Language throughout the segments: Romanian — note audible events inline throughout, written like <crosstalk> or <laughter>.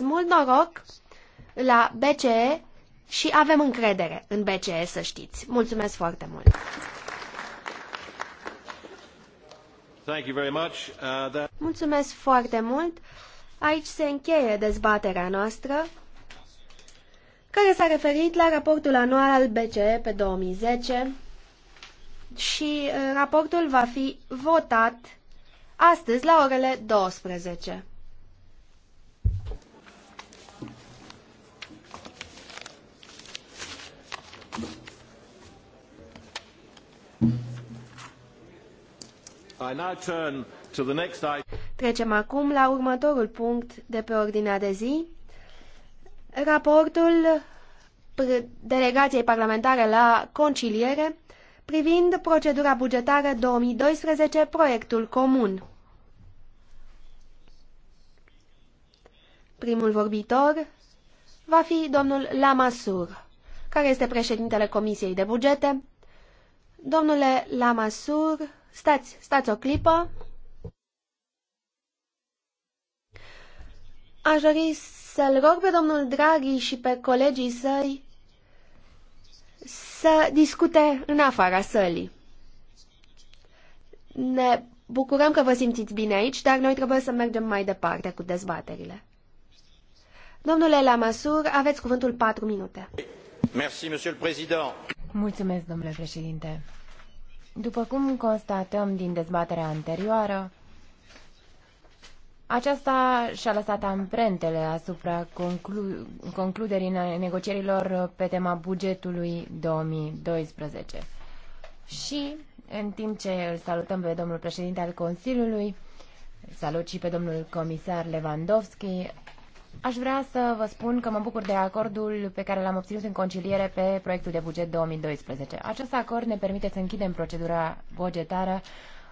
mult noroc la BCE și avem încredere în BCE, să știți. Mulțumesc foarte mult! Uh, Mulțumesc foarte mult! Aici se încheie dezbaterea noastră care s-a referit la raportul anual al BCE pe 2010 și uh, raportul va fi votat astăzi la orele 12. Trecem acum la următorul punct de pe ordinea de zi. Raportul delegației parlamentare la conciliere privind procedura bugetară 2012, proiectul comun. Primul vorbitor va fi domnul Lamasur, care este președintele Comisiei de Bugete. Domnule Lamasur, Stați, stați o clipă. Aș dori să-l rog pe domnul Draghi și pe colegii săi să discute în afara sălii. Ne bucurăm că vă simțiți bine aici, dar noi trebuie să mergem mai departe cu dezbaterile. Domnule Lamasur, aveți cuvântul 4 minute. Mulțumesc, domnule președinte. După cum constatăm din dezbaterea anterioară, aceasta și-a lăsat amprentele asupra conclu- concluderii negocierilor pe tema bugetului 2012. Și, în timp ce îl salutăm pe domnul președinte al Consiliului, salut și pe domnul comisar Lewandowski, Aș vrea să vă spun că mă bucur de acordul pe care l-am obținut în conciliere pe proiectul de buget 2012. Acest acord ne permite să închidem procedura bugetară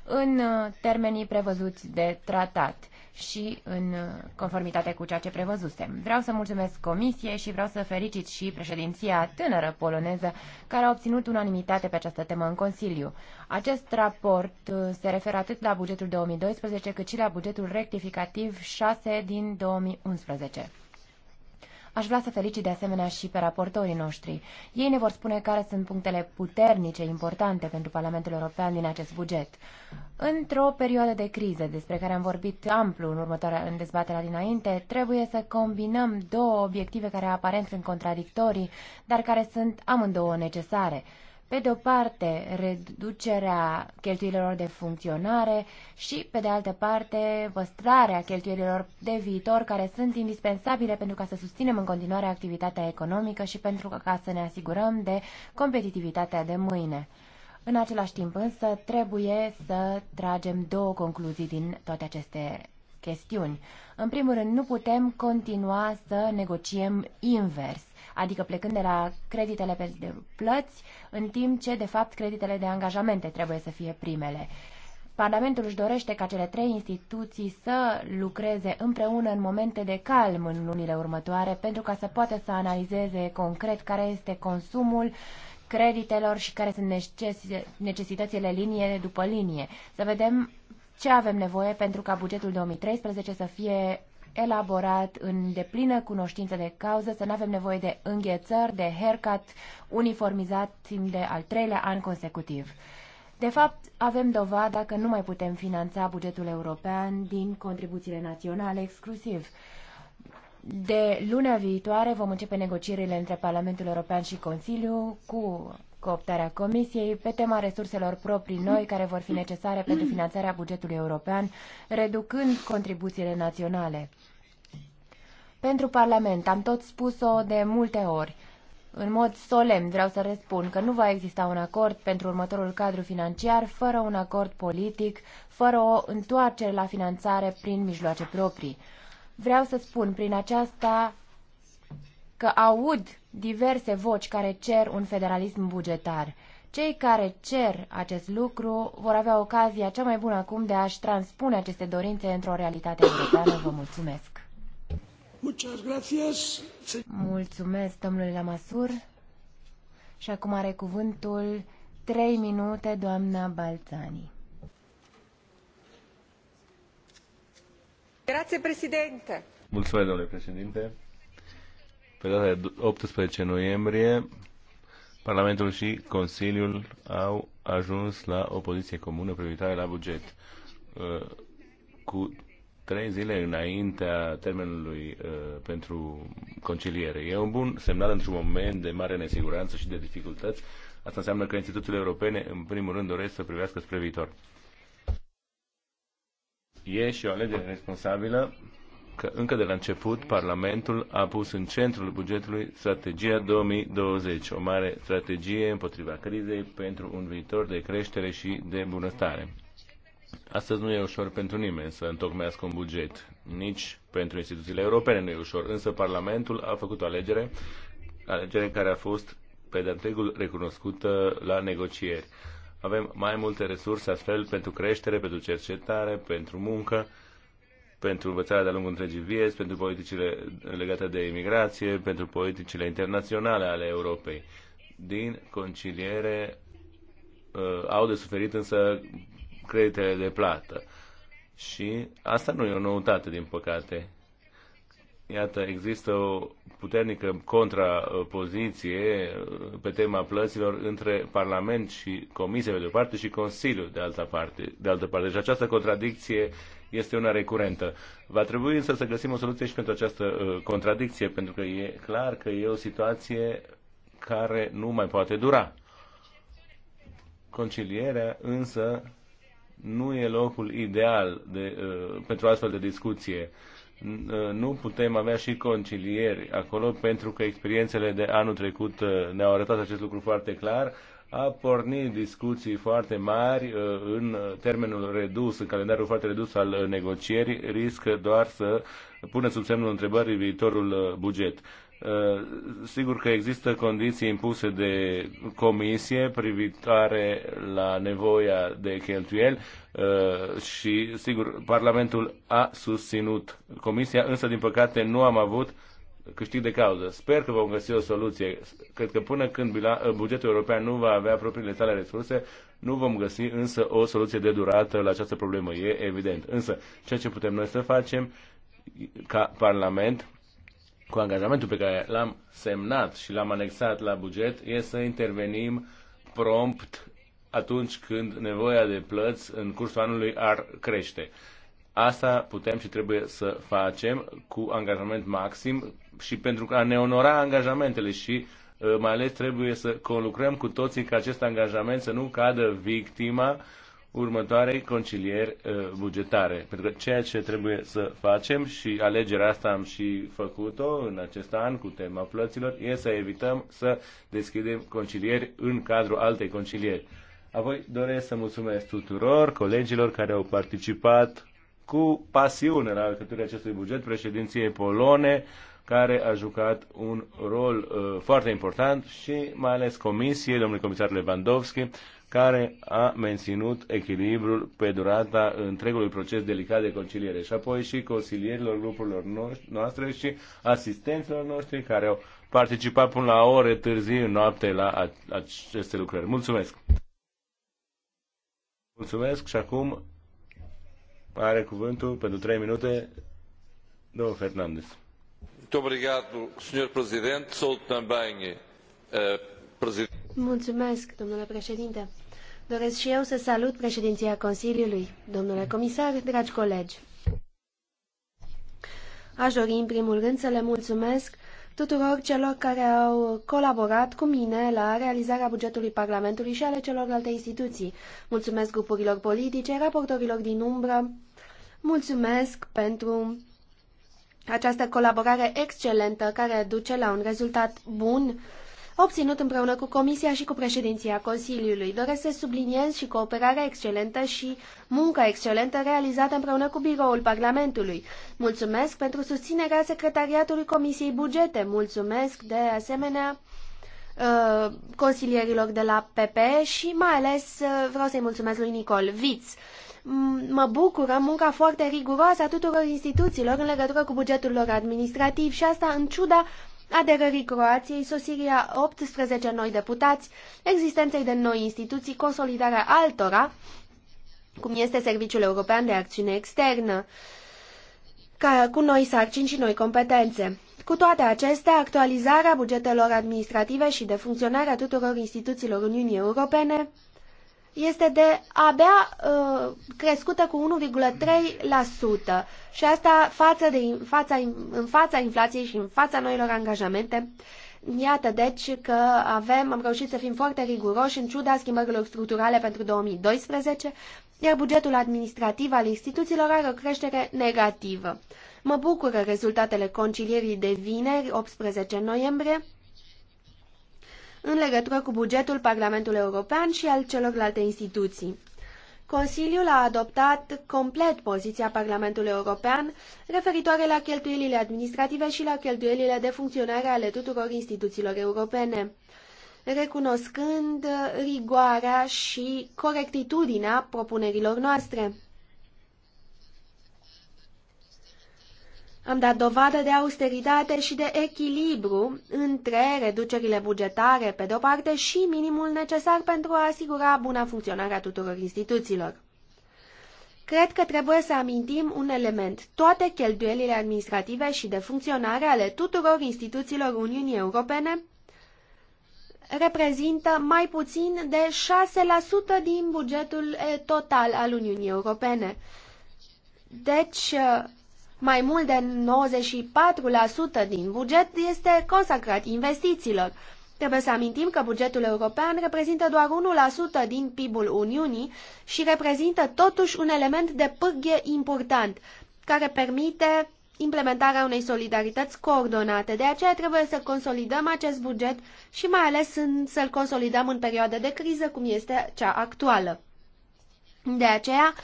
în uh, termenii prevăzuți de tratat și în conformitate cu ceea ce prevăzusem. Vreau să mulțumesc Comisiei și vreau să felicit și președinția tânără poloneză care a obținut unanimitate pe această temă în Consiliu. Acest raport uh, se referă atât la bugetul 2012 cât și la bugetul rectificativ 6 din 2011. Aș vrea să felicit de asemenea și pe raportorii noștri. Ei ne vor spune care sunt punctele puternice, importante pentru Parlamentul European din acest buget. Într-o perioadă de criză, despre care am vorbit amplu în următoarea în dezbaterea dinainte, trebuie să combinăm două obiective care aparent sunt contradictorii, dar care sunt amândouă necesare. Pe de o parte, reducerea cheltuielilor de funcționare și, pe de altă parte, păstrarea cheltuielilor de viitor care sunt indispensabile pentru ca să susținem în continuare activitatea economică și pentru ca să ne asigurăm de competitivitatea de mâine. În același timp însă trebuie să tragem două concluzii din toate aceste chestiuni. În primul rând, nu putem continua să negociem invers adică plecând de la creditele pe plăți, în timp ce, de fapt, creditele de angajamente trebuie să fie primele. Parlamentul își dorește ca cele trei instituții să lucreze împreună în momente de calm în lunile următoare pentru ca să poată să analizeze concret care este consumul creditelor și care sunt necesitățile linie după linie. Să vedem ce avem nevoie pentru ca bugetul 2013 să fie elaborat în deplină cunoștință de cauză, să nu avem nevoie de înghețări, de haircut uniformizat timp de al treilea an consecutiv. De fapt, avem dovada că nu mai putem finanța bugetul european din contribuțiile naționale exclusiv. De luna viitoare vom începe negocierile între Parlamentul European și Consiliu cu cooptarea Comisiei pe tema resurselor proprii noi care vor fi necesare pentru finanțarea bugetului european, reducând contribuțiile naționale. Pentru Parlament am tot spus-o de multe ori. În mod solemn vreau să răspund că nu va exista un acord pentru următorul cadru financiar fără un acord politic, fără o întoarcere la finanțare prin mijloace proprii. Vreau să spun prin aceasta că aud diverse voci care cer un federalism bugetar. Cei care cer acest lucru vor avea ocazia cea mai bună acum de a-și transpune aceste dorințe într-o realitate europeană. Vă mulțumesc! Mulțumesc, domnule Lamasur. Și acum are cuvântul 3 minute, doamna Balțani. Grazie, președinte. Mulțumesc, domnule președinte. Pe data de 18 noiembrie, Parlamentul și Consiliul au ajuns la o poziție comună privitoare la buget. Uh, cu trei zile înaintea termenului uh, pentru conciliere. E un bun semnal într-un moment de mare nesiguranță și de dificultăți. Asta înseamnă că instituțiile europene, în primul rând, doresc să privească spre viitor. E și o alegere responsabilă că încă de la început Parlamentul a pus în centrul bugetului strategia 2020, o mare strategie împotriva crizei pentru un viitor de creștere și de bunăstare. Astăzi nu e ușor pentru nimeni să întocmească un buget, nici pentru instituțiile europene nu e ușor, însă Parlamentul a făcut o alegere, alegere care a fost pe de întregul recunoscută la negocieri. Avem mai multe resurse astfel pentru creștere, pentru cercetare, pentru muncă, pentru învățarea de-a lungul întregii vieți, pentru politicile legate de imigrație, pentru politicile internaționale ale Europei. Din conciliere uh, au de suferit însă creditele de plată. Și asta nu e o noutate, din păcate iată, există o puternică contrapoziție uh, pe tema plăților între Parlament și comisia de o parte și Consiliul de altă parte. De altă parte. Deci această contradicție este una recurentă. Va trebui însă să găsim o soluție și pentru această uh, contradicție, pentru că e clar că e o situație care nu mai poate dura. Concilierea însă nu e locul ideal de, uh, pentru astfel de discuție. Uh, nu putem avea și concilieri acolo pentru că experiențele de anul trecut uh, ne-au arătat acest lucru foarte clar. A pornit discuții foarte mari uh, în termenul redus, în calendarul foarte redus al uh, negocierii, riscă doar să pună sub semnul întrebării viitorul buget. Eh, sigur că există condiții impuse de comisie privitoare la nevoia de cheltuieli eh, și, sigur, Parlamentul a susținut comisia, însă, din păcate, nu am avut câștig de cauză. Sper că vom găsi o soluție. Cred că până când eh, bugetul european nu va avea propriile sale resurse, nu vom găsi însă o soluție de durată la această problemă, e evident. Însă, ceea ce putem noi să facem ca Parlament cu angajamentul pe care l-am semnat și l-am anexat la buget, e să intervenim prompt atunci când nevoia de plăți în cursul anului ar crește. Asta putem și trebuie să facem cu angajament maxim și pentru a ne onora angajamentele și uh, mai ales trebuie să conlucrăm cu toții ca acest angajament să nu cadă victima uh, următoarei concilieri uh, bugetare. Pentru că ceea ce trebuie să facem și alegerea asta am și făcut-o în acest an cu tema plăților, e să evităm să deschidem concilieri în cadrul altei concilieri. Apoi doresc să mulțumesc tuturor colegilor care au participat cu pasiune la alcătuirea acestui buget, președinției polone, care a jucat un rol uh, foarte important și mai ales comisiei, domnul comisar Lewandowski, care a menținut echilibrul pe durata întregului proces delicat de conciliere și apoi și consilierilor grupurilor noastre și asistenților noștri care au participat până la ore târzii în noapte la aceste lucrări. Mulțumesc! Mulțumesc și acum are cuvântul pentru 3 minute domnul Fernandez. Muito obrigado, Sr. Presidente. Sou também uh, Presidente. Muito obrigado, domnule presidente. Doresc și eu să salut președinția Consiliului, domnule comisar, dragi colegi. Aș dori în primul rând să le mulțumesc tuturor celor care au colaborat cu mine la realizarea bugetului Parlamentului și ale celorlalte instituții. Mulțumesc grupurilor politice, raportorilor din umbră, mulțumesc pentru această colaborare excelentă care duce la un rezultat bun obținut împreună cu Comisia și cu președinția Consiliului. Doresc să subliniez și cooperarea excelentă și munca excelentă realizată împreună cu biroul Parlamentului. Mulțumesc pentru susținerea Secretariatului Comisiei Bugete. Mulțumesc de asemenea uh, consilierilor de la PP și mai ales uh, vreau să-i mulțumesc lui Nicol Viț. Mă bucură munca foarte riguroasă a tuturor instituțiilor în legătură cu bugetul lor administrativ și asta în ciuda aderării Croației, sosirea 18 noi deputați, existenței de noi instituții, consolidarea altora, cum este Serviciul European de Acțiune Externă, ca, cu noi sarcini și noi competențe. Cu toate acestea, actualizarea bugetelor administrative și de funcționare a tuturor instituțiilor Uniunii Europene este de abia uh, crescută cu 1,3% și asta față de, în, fața, în fața inflației și în fața noilor angajamente. Iată deci că avem, am reușit să fim foarte riguroși în ciuda schimbărilor structurale pentru 2012, iar bugetul administrativ al instituțiilor are o creștere negativă. Mă bucură rezultatele concilierii de vineri, 18 noiembrie, în legătură cu bugetul Parlamentului European și al celorlalte instituții. Consiliul a adoptat complet poziția Parlamentului European referitoare la cheltuielile administrative și la cheltuielile de funcționare ale tuturor instituțiilor europene, recunoscând rigoarea și corectitudinea propunerilor noastre. Am dat dovadă de austeritate și de echilibru între reducerile bugetare, pe de-o parte, și minimul necesar pentru a asigura buna funcționare a tuturor instituțiilor. Cred că trebuie să amintim un element. Toate cheltuielile administrative și de funcționare ale tuturor instituțiilor Uniunii Europene reprezintă mai puțin de 6% din bugetul eh, total al Uniunii Europene. Deci, eh, mai mult de 94% din buget este consacrat investițiilor. Trebuie să amintim că bugetul european reprezintă doar 1% din PIB-ul Uniunii și reprezintă totuși un element de pârghie important, care permite implementarea unei solidarități coordonate. De aceea trebuie să consolidăm acest buget și mai ales să-l consolidăm în perioada de criză, cum este cea actuală. De aceea,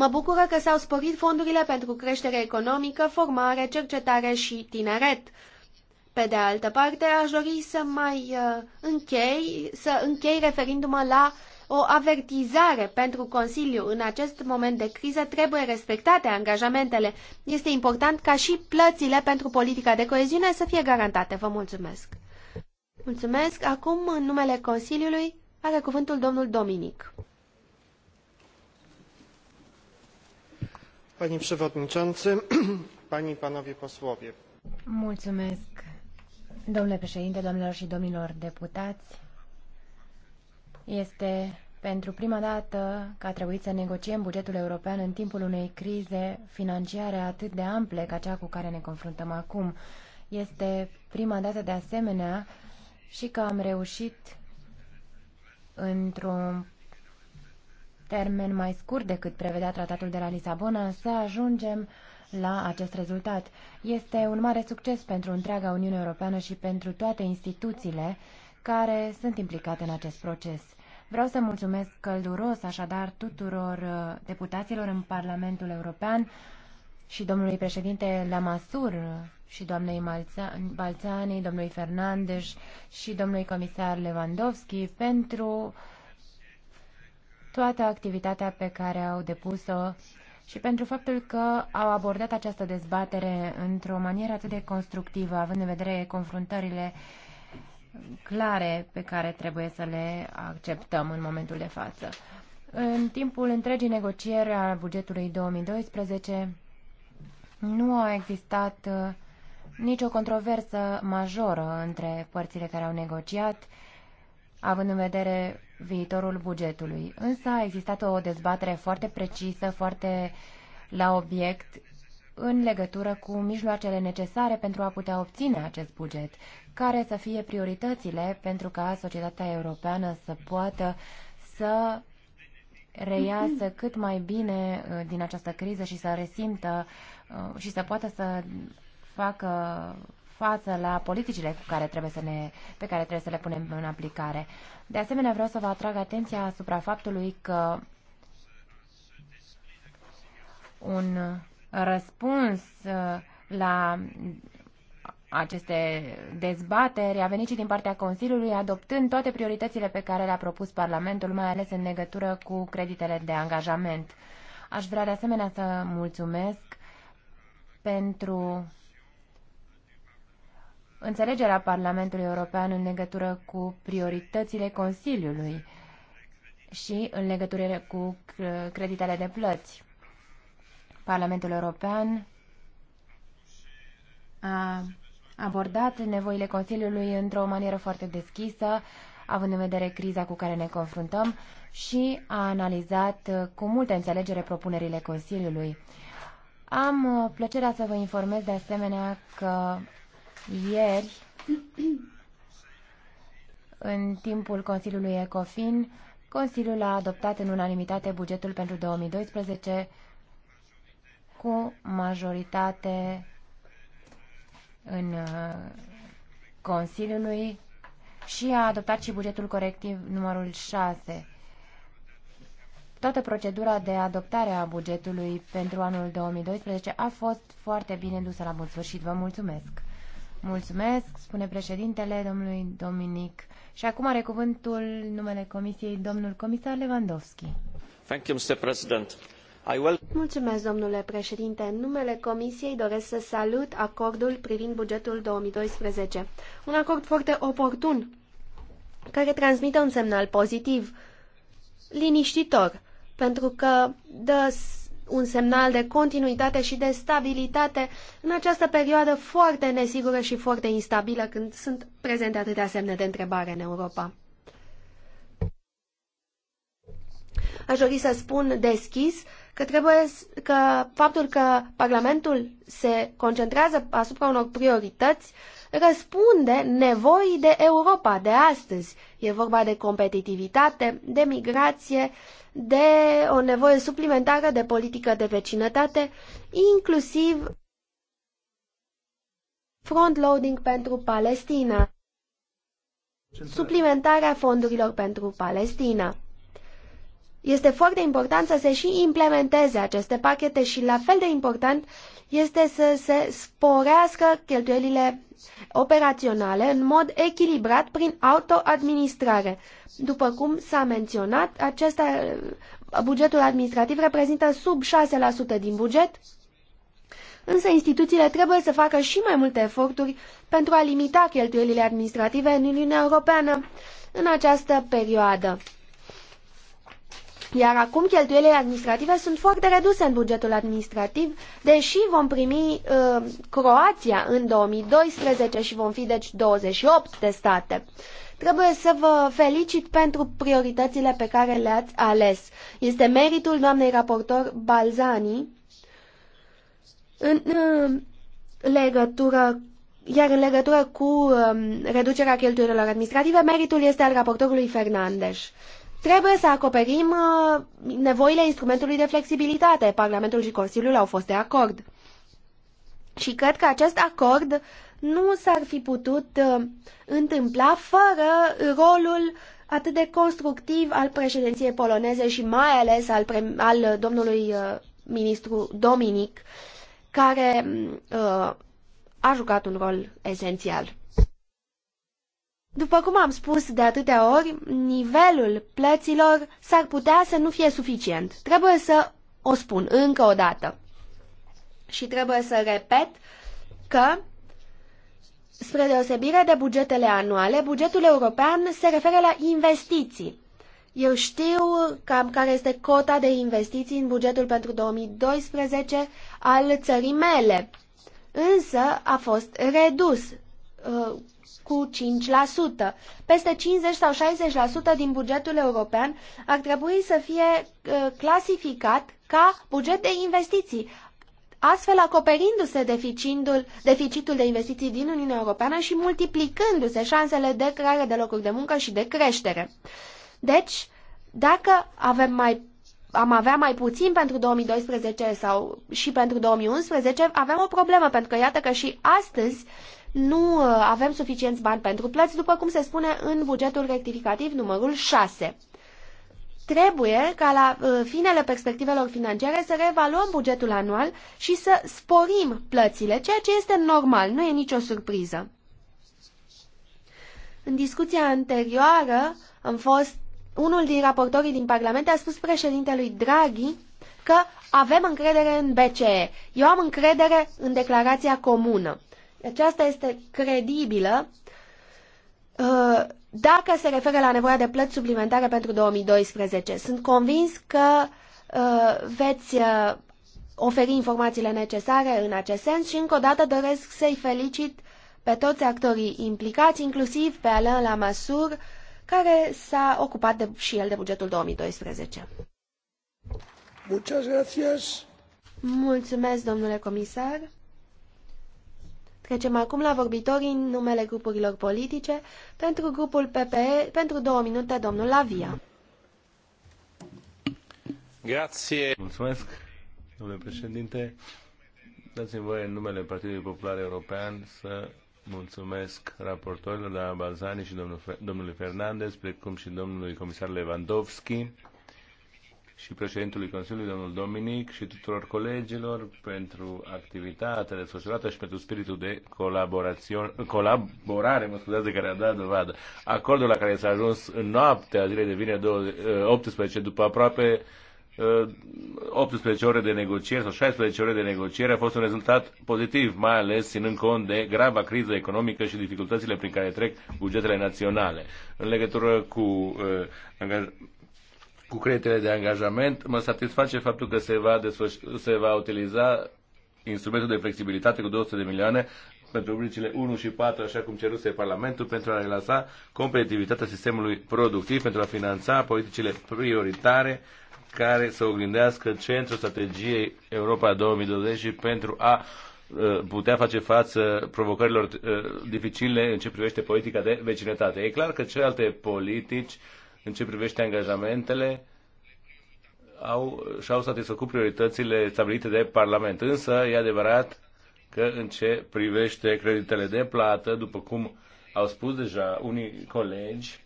Mă bucură că s-au sporit fondurile pentru creștere economică, formare, cercetare și tineret. Pe de altă parte, aș dori să mai uh, închei, să închei referindu-mă la o avertizare pentru Consiliu. În acest moment de criză trebuie respectate angajamentele. Este important ca și plățile pentru politica de coeziune să fie garantate. Vă mulțumesc! Mulțumesc! Acum, în numele Consiliului, are cuvântul domnul Dominic. Pani przewodniczący, <clears throat> pani i panowie posłowie. Mulțumesc, domnule președinte, domnilor și domnilor deputați. Este pentru prima dată că a trebuit să negociem bugetul european în timpul unei crize financiare atât de ample ca cea cu care ne confruntăm acum. Este prima dată de asemenea și că am reușit într-un termen mai scurt decât prevedea tratatul de la Lisabona, să ajungem la acest rezultat. Este un mare succes pentru întreaga Uniune Europeană și pentru toate instituțiile care sunt implicate în acest proces. Vreau să mulțumesc călduros așadar tuturor uh, deputaților în Parlamentul European și domnului președinte Lamasur și doamnei Balțani, domnului Fernandes și domnului comisar Lewandowski pentru toată activitatea pe care au depus-o și pentru faptul că au abordat această dezbatere într-o manieră atât de constructivă, având în vedere confruntările clare pe care trebuie să le acceptăm în momentul de față. În timpul întregii negocieri a bugetului 2012 nu a existat uh, nicio controversă majoră între părțile care au negociat, având în vedere viitorul bugetului. Însă a existat o dezbatere foarte precisă, foarte la obiect, în legătură cu mijloacele necesare pentru a putea obține acest buget, care să fie prioritățile pentru ca societatea europeană să poată să reiasă cât mai bine uh, din această criză și să resimtă uh, și să poată să facă față la politicile cu care trebuie să ne, pe care trebuie să le punem în aplicare. De asemenea, vreau să vă atrag atenția asupra faptului că un răspuns uh, la aceste dezbateri a venit și din partea Consiliului, adoptând toate prioritățile pe care le-a propus Parlamentul, mai ales în legătură cu creditele de angajament. Aș vrea de asemenea să mulțumesc pentru înțelegerea Parlamentului European în legătură cu prioritățile Consiliului și în legătură cu creditele de plăți. Parlamentul European a abordat nevoile Consiliului într-o manieră foarte deschisă, având în vedere criza cu care ne confruntăm și a analizat cu multă înțelegere propunerile Consiliului. Am plăcerea să vă informez de asemenea că ieri, în timpul Consiliului ECOFIN, Consiliul a adoptat în unanimitate bugetul pentru 2012 cu majoritate în uh, Consiliului și a adoptat și bugetul corectiv numărul 6. Toată procedura de adoptare a bugetului pentru anul 2012 a fost foarte bine dusă la bun sfârșit. Vă mulțumesc! Mulțumesc, spune președintele domnului Dominic. Și acum are cuvântul numele Comisiei domnul comisar Lewandowski. Thank you, Mr. President. Mulțumesc, domnule președinte. În numele Comisiei doresc să salut acordul privind bugetul 2012. Un acord foarte oportun, care transmite un semnal pozitiv, liniștitor, pentru că dă un semnal de continuitate și de stabilitate în această perioadă foarte nesigură și foarte instabilă când sunt prezente atâtea semne de întrebare în Europa. Aș dori să spun deschis că trebuie că faptul că Parlamentul se concentrează asupra unor priorități răspunde nevoii de Europa de astăzi. E vorba de competitivitate, de migrație, de o nevoie suplimentară de politică de vecinătate, inclusiv front-loading pentru Palestina, suplimentarea fondurilor pentru Palestina. Este foarte important să se și implementeze aceste pachete și la fel de important este să se sporească cheltuielile operaționale în mod echilibrat prin autoadministrare. După cum s-a menționat, acesta, bugetul administrativ reprezintă sub 6% din buget, însă instituțiile trebuie să facă și mai multe eforturi pentru a limita cheltuielile administrative în Uniunea Europeană în această perioadă. Iar acum cheltuielile administrative sunt foarte reduse în bugetul administrativ, deși vom primi uh, Croația în 2012 și vom fi deci 28 de state. Trebuie să vă felicit pentru prioritățile pe care le-ați ales. Este meritul doamnei raportor Balzani în uh, legătură iar în legătură cu um, reducerea cheltuielilor administrative, meritul este al raportorului Fernandes. Trebuie să acoperim uh, nevoile instrumentului de flexibilitate. Parlamentul și Consiliul au fost de acord. Și cred că acest acord nu s-ar fi putut uh, întâmpla fără rolul atât de constructiv al președinției poloneze și mai ales al, pre- al domnului uh, ministru Dominic, care a jucat un rol esențial. După cum am spus de atâtea ori, nivelul plăților s-ar putea să nu fie suficient. Trebuie să o spun încă o dată. Și trebuie să repet că, spre deosebire de bugetele anuale, bugetul european se referă la investiții. Eu știu cam care este cota de investiții în bugetul pentru 2012 al țării mele, însă a fost redus uh, cu 5%. Peste 50 sau 60% din bugetul european ar trebui să fie uh, clasificat ca buget de investiții, astfel acoperindu-se deficitul, deficitul de investiții din Uniunea Europeană și multiplicându-se șansele de creare de locuri de muncă și de creștere. Deci, dacă avem mai am avea mai puțin pentru 2012 sau și pentru 2011, avem o problemă, pentru că iată că și astăzi nu uh, avem suficienți bani pentru plăți, după cum se spune în bugetul rectificativ numărul 6. Trebuie ca la uh, finele perspectivelor financiare să reevaluăm bugetul anual și să sporim plățile, ceea ce este normal, nu e nicio surpriză. În discuția anterioară am fost unul din raportorii din Parlament a spus președintelui Draghi că avem încredere în BCE. Eu am încredere în declarația comună aceasta este credibilă uh, dacă se referă la nevoia de plăți suplimentare pentru 2012. Sunt convins că uh, veți uh, oferi informațiile necesare în acest sens și încă o dată doresc să-i felicit pe toți actorii implicați, inclusiv pe Alain Lamassur, care s-a ocupat de, și el de bugetul 2012. Muchas gracias. Mulțumesc, domnule comisar. Trecem acum la vorbitorii în numele grupurilor politice. Pentru grupul PPE, pentru două minute, domnul Lavia. Grație. Mulțumesc, domnule președinte. Dați-mi voie în numele Partidului Popular European să mulțumesc raportorilor la Balzani și domnul, domnului Fernandez, precum și domnului comisar Lewandowski și președintului Consiliului, domnul Dominic, și tuturor colegilor pentru activitatea desfășurată și pentru spiritul de colaborare mă scuzați, de care a dat dovadă. Acordul la care s-a ajuns în noaptea zilei de vineri 18, după aproape 18 ă, ore de negocieri sau 16 ore de negocieri a fost un rezultat pozitiv, mai ales ținând cont de grava criză economică și dificultățile prin care trec bugetele naționale. În legătură cu uh, cu creditele de angajament, mă satisface faptul că se va, se va utiliza instrumentul de flexibilitate cu 200 de milioane pentru rubricile 1 și 4, așa cum ceruse Parlamentul, pentru a relansa competitivitatea sistemului productiv, pentru a finanța politicile prioritare care să oglindească centrul strategiei Europa 2020 pentru a uh, putea face față provocărilor uh, dificile în ce privește politica de vecinătate. E clar că celelalte politici în ce privește angajamentele, au, și-au satisfăcut prioritățile stabilite de Parlament. Însă, e adevărat că în ce privește creditele de plată, după cum au spus deja unii colegi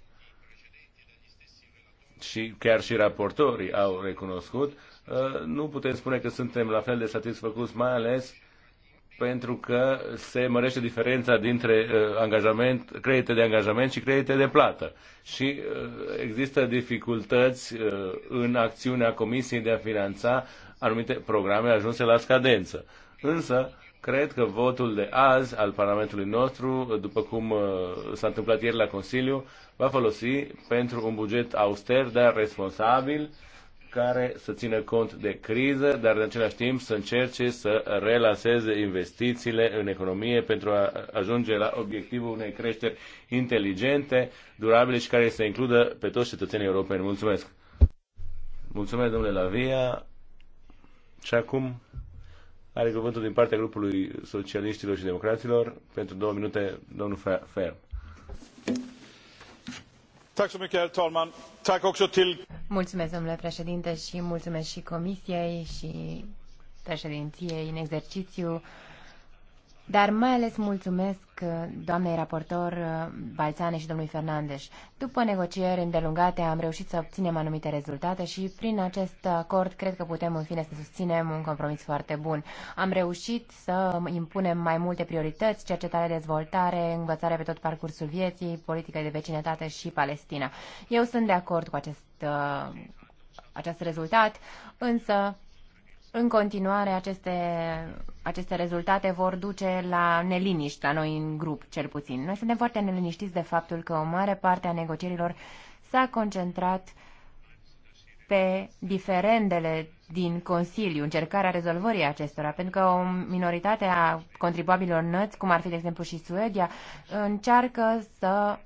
și chiar și raportorii au recunoscut, uh, nu putem spune că suntem la fel de satisfăcuți, mai ales pentru că se mărește diferența dintre uh, angajament, credite de angajament și credite de plată. Și uh, există dificultăți uh, în acțiunea Comisiei de a finanța anumite programe ajunse la scadență. Însă, cred că votul de azi al Parlamentului nostru, după cum s-a întâmplat ieri la Consiliu, va folosi pentru un buget auster, dar responsabil, care să țină cont de criză, dar în același timp să încerce să relanseze investițiile în economie pentru a ajunge la obiectivul unei creșteri inteligente, durabile și care să includă pe toți cetățenii europeni. Mulțumesc! Mulțumesc, domnule Lavia. Și acum are cuvântul din partea grupului socialiștilor și democraților pentru două minute, domnul Fer. Mulțumesc, domnule președinte, și mulțumesc și Comisiei și președinției în exercițiu dar mai ales mulțumesc uh, doamnei raportor uh, Balțane și domnului Fernandes. După negocieri îndelungate am reușit să obținem anumite rezultate și prin acest acord cred că putem în fine să susținem un compromis foarte bun. Am reușit să impunem mai multe priorități, cercetare, dezvoltare, învățare pe tot parcursul vieții, politică de vecinătate și Palestina. Eu sunt de acord cu acest, uh, acest rezultat, însă în continuare, aceste, aceste rezultate vor duce la neliniști la noi în grup, cel puțin. Noi suntem foarte neliniștiți de faptul că o mare parte a negocierilor s-a concentrat pe diferendele din Consiliu, încercarea rezolvării acestora, pentru că o minoritate a contribuabililor năți, cum ar fi, de exemplu, și Suedia, încearcă să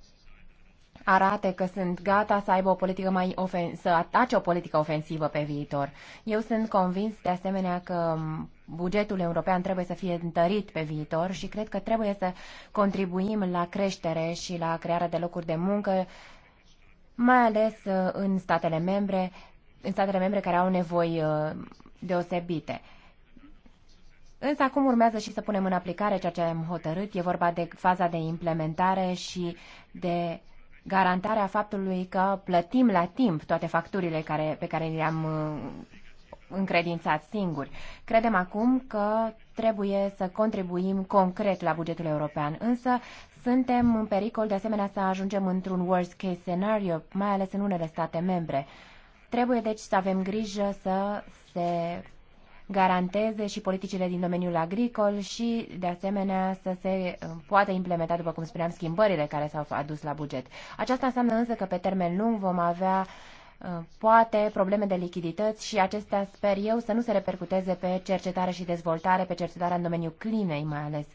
arate că sunt gata să aibă o politică mai ofen- să atace o politică ofensivă pe viitor. Eu sunt convins de asemenea că bugetul european trebuie să fie întărit pe viitor și cred că trebuie să contribuim la creștere și la crearea de locuri de muncă, mai ales uh, în statele membre, în statele membre care au nevoi uh, deosebite. Însă acum urmează și să punem în aplicare ceea ce am hotărât. E vorba de faza de implementare și de garantarea faptului că plătim la timp toate facturile care, pe care le-am uh, încredințat singuri. Credem acum că trebuie să contribuim concret la bugetul european, însă suntem în pericol de asemenea să ajungem într-un worst case scenario, mai ales în unele state membre. Trebuie deci să avem grijă să se garanteze și politicile din domeniul agricol și, de asemenea, să se uh, poată implementa, după cum spuneam, schimbările care s-au adus la buget. Aceasta înseamnă însă că pe termen lung vom avea uh, poate probleme de lichidități și acestea sper eu să nu se repercuteze pe cercetare și dezvoltare, pe cercetarea în domeniul climei mai ales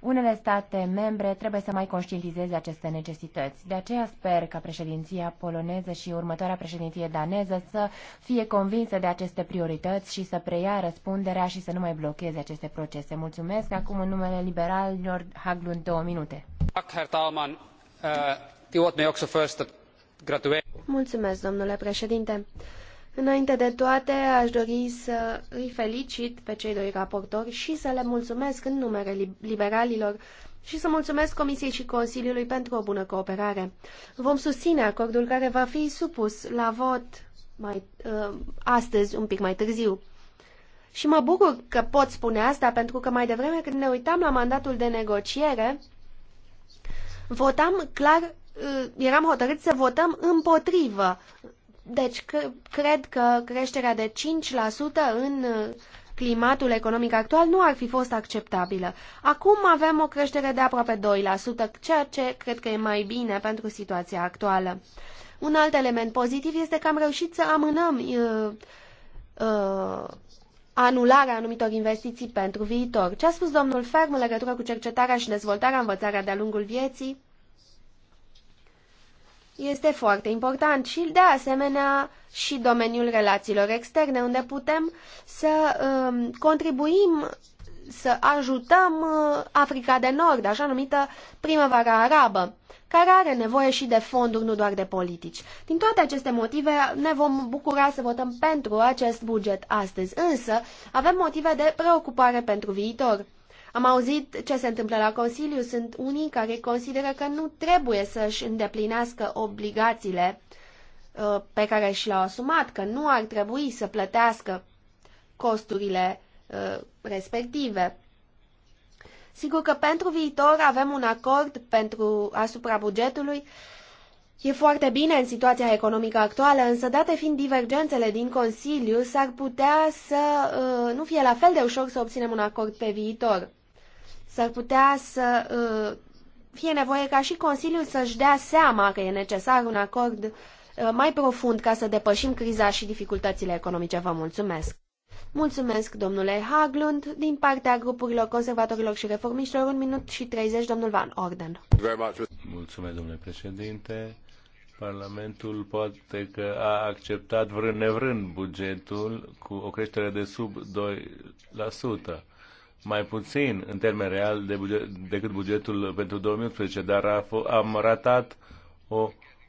unele state membre trebuie să mai conștientizeze aceste necesități. De aceea sper ca președinția poloneză și următoarea președinție daneză să fie convinsă de aceste priorități și să preia răspunderea și să nu mai blocheze aceste procese. Mulțumesc. Acum, în numele liberalilor, Haglund, două minute. Mulțumesc, domnule președinte. Înainte de toate, aș dori să îi felicit pe cei doi raportori și să le mulțumesc în numele liberalilor și să mulțumesc Comisiei și Consiliului pentru o bună cooperare. Vom susține acordul care va fi supus la vot mai, uh, astăzi, un pic mai târziu. Și mă bucur că pot spune asta, pentru că mai devreme când ne uitam la mandatul de negociere, votam clar, uh, eram hotărât să votăm împotrivă deci, cred că creșterea de 5% în uh, climatul economic actual nu ar fi fost acceptabilă. Acum avem o creștere de aproape 2%, ceea ce cred că e mai bine pentru situația actuală. Un alt element pozitiv este că am reușit să amânăm uh, uh, anularea anumitor investiții pentru viitor. Ce a spus domnul Ferm în legătură cu cercetarea și dezvoltarea învățarea de-a lungul vieții? este foarte important și, de asemenea, și domeniul relațiilor externe, unde putem să um, contribuim să ajutăm uh, Africa de Nord, așa numită primăvara arabă, care are nevoie și de fonduri, nu doar de politici. Din toate aceste motive ne vom bucura să votăm pentru acest buget astăzi, însă avem motive de preocupare pentru viitor. Am auzit ce se întâmplă la Consiliu. Sunt unii care consideră că nu trebuie să-și îndeplinească obligațiile uh, pe care și le-au asumat, că nu ar trebui să plătească costurile uh, respective. Sigur că pentru viitor avem un acord pentru asupra bugetului. E foarte bine în situația economică actuală, însă date fiind divergențele din Consiliu, s-ar putea să uh, nu fie la fel de ușor să obținem un acord pe viitor. S-ar putea să uh, fie nevoie ca și Consiliul să-și dea seama că e necesar un acord uh, mai profund ca să depășim criza și dificultățile economice. Vă mulțumesc! Mulțumesc, domnule Haglund. Din partea grupurilor conservatorilor și reformiștilor, un minut și 30, domnul Van Orden. Mulțumesc, domnule președinte. Parlamentul poate că a acceptat vrând nevrând bugetul cu o creștere de sub 2% mai puțin în termen real de buget, decât bugetul pentru 2011, dar a am ratat o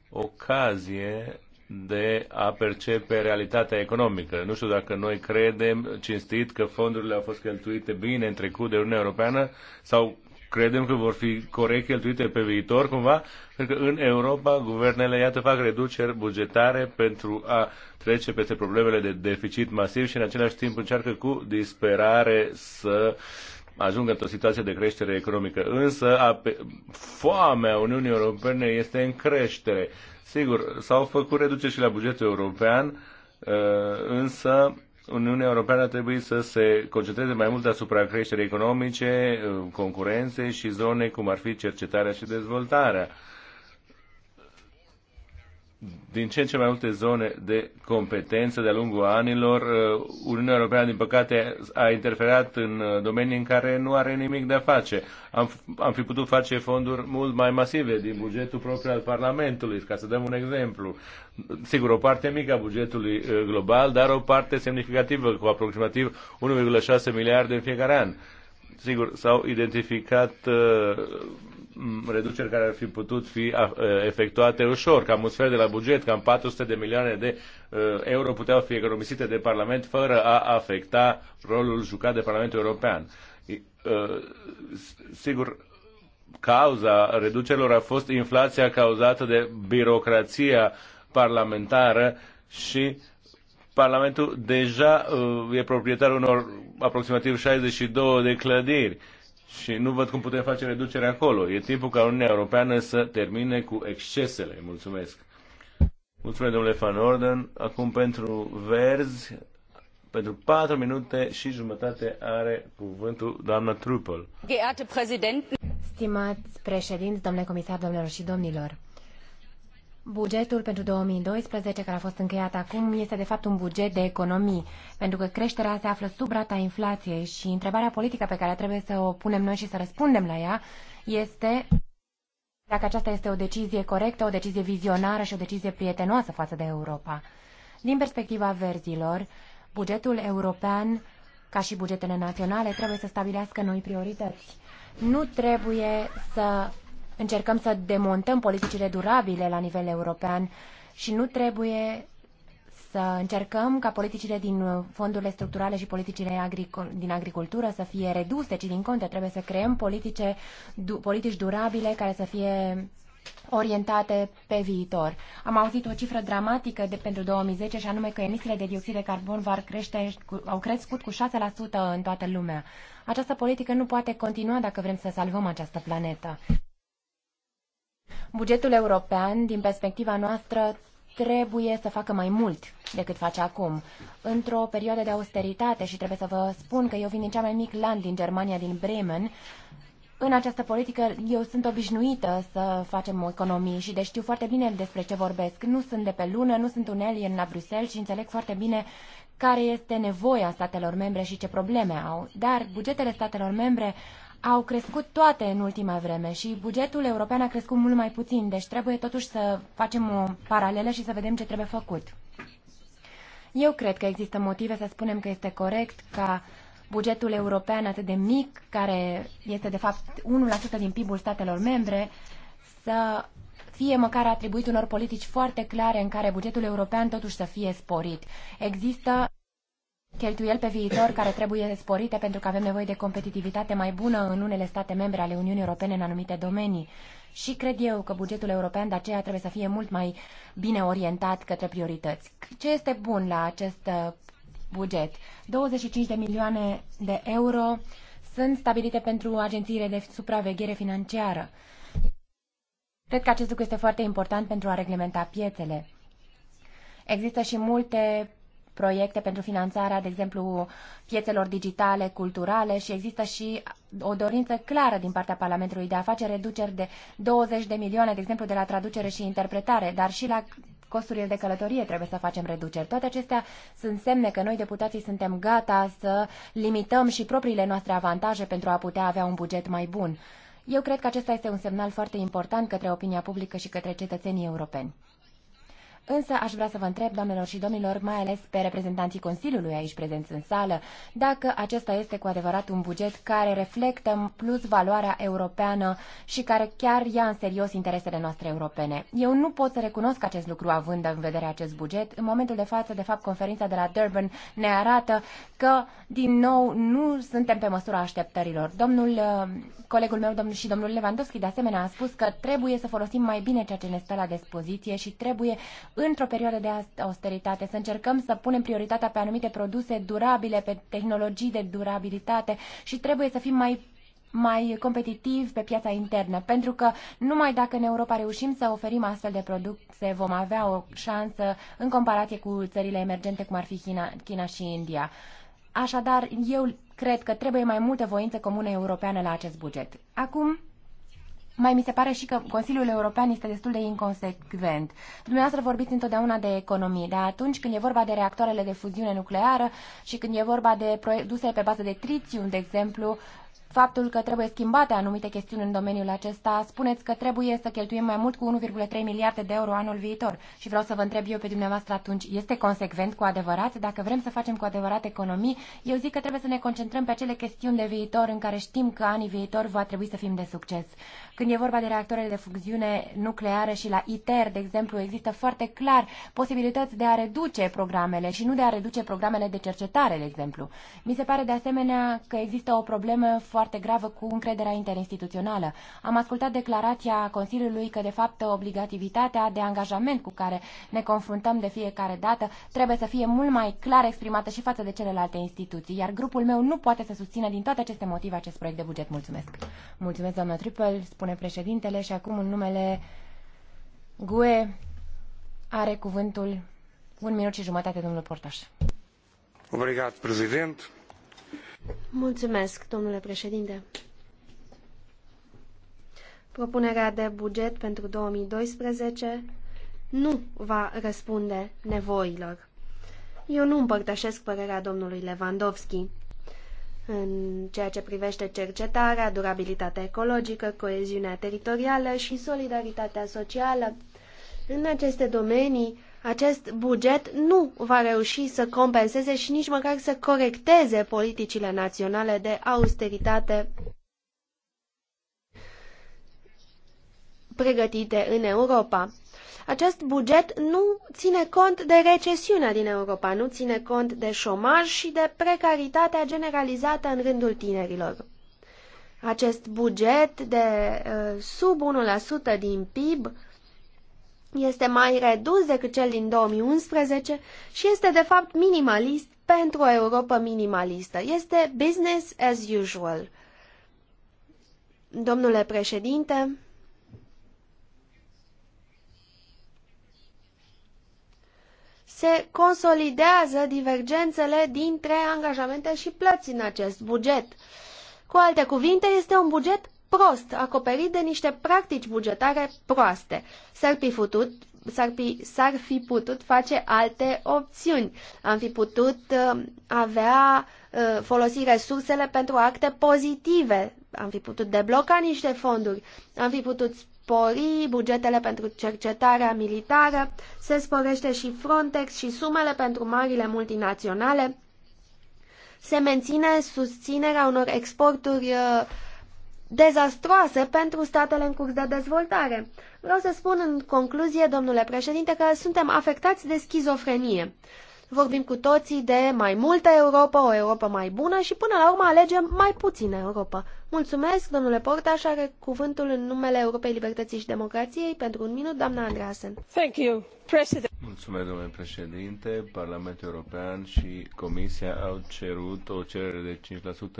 ocazie de a percepe realitatea economică. Nu știu dacă noi credem cinstit că fondurile au fost cheltuite bine în trecut de Uniunea Europeană sau credem că vor fi corect cheltuite pe viitor cumva, pentru că în Europa guvernele, iată, fac reduceri bugetare pentru a trece peste problemele de deficit masiv și în același timp încearcă cu disperare să ajungă într-o situație de creștere economică. Însă ape- foamea Uniunii Europene este în creștere. Sigur, s-au făcut reduceri și la bugetul european, uh, însă Uniunea Europeană trebuie să se concentreze mai mult asupra creșterii economice, uh, concurenței și zone cum ar fi cercetarea și dezvoltarea din ce în ce mai multe zone de competență de-a lungul anilor, uh, Uniunea Europeană, din păcate, a interferat în uh, domenii în care nu are nimic de a face. Am, am fi putut face fonduri mult mai masive din bugetul propriu al Parlamentului, ca să dăm un exemplu. Sigur, o parte mică a bugetului uh, global, dar o parte semnificativă, cu aproximativ 1,6 miliarde în fiecare an sigur, s-au identificat uh, reduceri care ar fi putut fi efectuate ușor, cam un sfert de la buget, cam 400 de milioane de euro puteau fi economisite de Parlament fără a afecta rolul jucat de Parlamentul European. Sigur, cauza reducerilor a fost inflația cauzată de birocrația parlamentară și Parlamentul deja e proprietarul unor aproximativ 62 de clădiri și nu văd cum putem face reducere acolo. E timpul ca Uniunea Europeană să termine cu excesele. Mulțumesc. Mulțumesc, domnule Van Orden. Acum pentru verzi, pentru 4 minute și jumătate are cuvântul doamna Trupel. Stimați președinți, domnule comisar, domnilor și domnilor, Bugetul pentru 2012, care a fost încheiat acum, este de fapt un buget de economii, pentru că creșterea se află sub rata inflației și întrebarea politică pe care trebuie să o punem noi și să răspundem la ea este dacă aceasta este o decizie corectă, o decizie vizionară și o decizie prietenoasă față de Europa. Din perspectiva verzilor, bugetul european, ca și bugetele naționale, trebuie să stabilească noi priorități. Nu trebuie să încercăm să demontăm politicile durabile la nivel european și nu trebuie să încercăm ca politicile din fondurile structurale și politicile agricol, din agricultură să fie reduse, ci din contră trebuie să creăm politice, du, politici durabile care să fie orientate pe viitor. Am auzit o cifră dramatică de, pentru 2010 și anume că emisiile de dioxid de carbon vor crește, au crescut cu 6% în toată lumea. Această politică nu poate continua dacă vrem să salvăm această planetă. Bugetul european, din perspectiva noastră, trebuie să facă mai mult decât face acum. Într-o perioadă de austeritate, și trebuie să vă spun că eu vin din cea mai mic land din Germania, din Bremen, în această politică eu sunt obișnuită să facem economii și deci știu foarte bine despre ce vorbesc. Nu sunt de pe lună, nu sunt un alien la Bruxelles și înțeleg foarte bine care este nevoia statelor membre și ce probleme au. Dar bugetele statelor membre au crescut toate în ultima vreme și bugetul european a crescut mult mai puțin, deci trebuie totuși să facem o paralelă și să vedem ce trebuie făcut. Eu cred că există motive să spunem că este corect ca bugetul european atât de mic, care este de fapt 1% din PIB-ul statelor membre, să fie măcar atribuit unor politici foarte clare în care bugetul european totuși să fie sporit. Există cheltuieli pe viitor care trebuie sporite pentru că avem nevoie de competitivitate mai bună în unele state membre ale Uniunii Europene în anumite domenii. Și cred eu că bugetul european de aceea trebuie să fie mult mai bine orientat către priorități. Ce este bun la acest uh, buget? 25 de milioane de euro sunt stabilite pentru agențiile de supraveghere financiară. Cred că acest lucru este foarte important pentru a reglementa piețele. Există și multe proiecte pentru finanțarea, de exemplu, piețelor digitale, culturale și există și o dorință clară din partea Parlamentului de a face reduceri de 20 de milioane, de exemplu, de la traducere și interpretare, dar și la costurile de călătorie trebuie să facem reduceri. Toate acestea sunt semne că noi, deputații, suntem gata să limităm și propriile noastre avantaje pentru a putea avea un buget mai bun. Eu cred că acesta este un semnal foarte important către opinia publică și către cetățenii europeni. Însă aș vrea să vă întreb, doamnelor și domnilor, mai ales pe reprezentanții Consiliului aici prezenți în sală, dacă acesta este cu adevărat un buget care reflectă plus valoarea europeană și care chiar ia în serios interesele noastre europene. Eu nu pot să recunosc acest lucru având în vedere acest buget. În momentul de față, de fapt, conferința de la Durban ne arată că, din nou, nu suntem pe măsura așteptărilor. Domnul, uh, colegul meu domnul și domnul Lewandowski, de asemenea, a spus că trebuie să folosim mai bine ceea ce ne stă la dispoziție și trebuie într-o perioadă de austeritate, să încercăm să punem prioritatea pe anumite produse durabile, pe tehnologii de durabilitate și trebuie să fim mai mai competitiv pe piața internă, pentru că numai dacă în Europa reușim să oferim astfel de produse, vom avea o șansă în comparație cu țările emergente, cum ar fi China, China și India. Așadar, eu cred că trebuie mai multă voință comună europeană la acest buget. Acum, mai mi se pare și că Consiliul European este destul de inconsecvent. Dumneavoastră vorbiți întotdeauna de economie, dar atunci când e vorba de reactoarele de fuziune nucleară și când e vorba de produse pe bază de tritium, de exemplu, faptul că trebuie schimbate anumite chestiuni în domeniul acesta, spuneți că trebuie să cheltuim mai mult cu 1,3 miliarde de euro anul viitor. Și vreau să vă întreb eu pe dumneavoastră atunci, este consecvent cu adevărat? Dacă vrem să facem cu adevărat economii, eu zic că trebuie să ne concentrăm pe acele chestiuni de viitor în care știm că anii viitor va trebui să fim de succes. Când e vorba de reactoarele de funcțiune nucleară și la ITER, de exemplu, există foarte clar posibilități de a reduce programele și nu de a reduce programele de cercetare, de exemplu. Mi se pare de asemenea că există o problemă foarte gravă cu încrederea interinstituțională. Am ascultat declarația Consiliului că, de fapt, obligativitatea de angajament cu care ne confruntăm de fiecare dată trebuie să fie mult mai clar exprimată și față de celelalte instituții, iar grupul meu nu poate să susțină din toate aceste motive acest proiect de buget. Mulțumesc! Mulțumesc, doamna Triple, spune spune președintele, și acum în numele GUE are cuvântul un minut și jumătate, domnul Portaș. Obrigat, prezident. Mulțumesc, domnule președinte. Propunerea de buget pentru 2012 nu va răspunde nevoilor. Eu nu împărtășesc părerea domnului Lewandowski în ceea ce privește cercetarea, durabilitatea ecologică, coeziunea teritorială și solidaritatea socială. În aceste domenii, acest buget nu va reuși să compenseze și nici măcar să corecteze politicile naționale de austeritate pregătite în Europa. Acest buget nu ține cont de recesiunea din Europa, nu ține cont de șomaj și de precaritatea generalizată în rândul tinerilor. Acest buget de uh, sub 1% din PIB este mai redus decât cel din 2011 și este de fapt minimalist pentru o Europa minimalistă. Este business as usual. Domnule președinte, se consolidează divergențele dintre angajamente și plăți în acest buget. Cu alte cuvinte, este un buget prost, acoperit de niște practici bugetare proaste. S-ar fi, putut, s-ar fi, s-ar fi putut face alte opțiuni. Am fi putut uh, avea, uh, folosi resursele pentru acte pozitive. Am fi putut debloca niște fonduri. Am fi putut spori bugetele pentru cercetarea militară, se sporește și Frontex și sumele pentru marile multinaționale, se menține susținerea unor exporturi uh, dezastroase pentru statele în curs de dezvoltare. Vreau să spun în concluzie, domnule președinte, că suntem afectați de schizofrenie. Vorbim cu toții de mai multă Europa, o Europa mai bună și până la urmă alegem mai puțină Europa. Mulțumesc, domnule Portaș, are cuvântul în numele Europei Libertății și Democrației pentru un minut, doamna Andreasen. Thank you, President. Mulțumesc, domnule președinte. Parlamentul European și Comisia au cerut o cerere de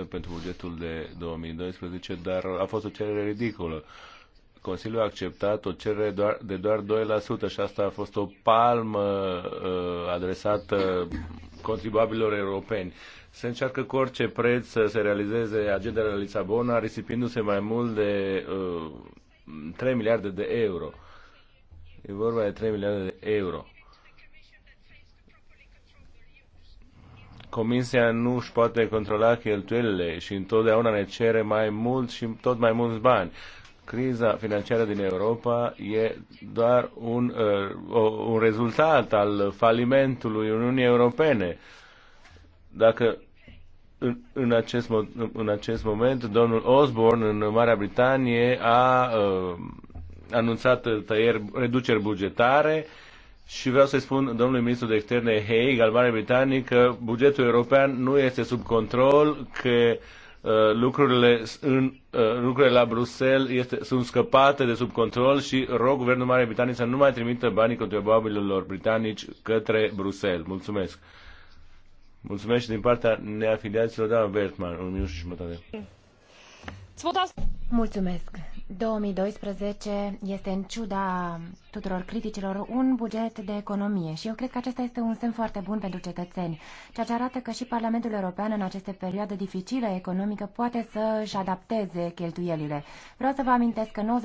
5% pentru bugetul de 2012, dar a fost o cerere ridicolă Consiliul a acceptat o cerere doar, de doar 2% și asta a fost o palmă uh, adresată contribuabililor europeni. Se încearcă cu orice preț să se realizeze agenda la Lisabona, risipindu-se mai mult de uh, 3 miliarde de euro. E vorba de 3 miliarde de euro. Comisia nu își poate controla cheltuielile și întotdeauna ne cere mai mult și tot mai mulți bani. Uh, criza financiară din Europa e doar un, uh, un rezultat al falimentului Uniunii Europene. Dacă în, în, acest, în acest moment domnul Osborne în Marea Britanie a uh, anunțat tăieri, reduceri bugetare și vreau să-i spun domnului ministru de externe Haig al Marii Britanii că bugetul european nu este sub control, că uh, Uh, lucrurile, în, uh, lucrurile la Bruxelles este, sunt scăpate de sub control și rog Guvernul Marii Britanii să nu mai trimită banii contribuabililor britanici către Bruxelles. Mulțumesc! Mulțumesc și din partea neafiliaților, doamna Bertman, un minut și jumătate. Mulțumesc. 2012 este, în ciuda tuturor criticilor, un buget de economie și eu cred că acesta este un semn foarte bun pentru cetățeni, ceea ce arată că și Parlamentul European în aceste perioade dificile economică poate să își adapteze cheltuielile. Vreau să vă amintesc că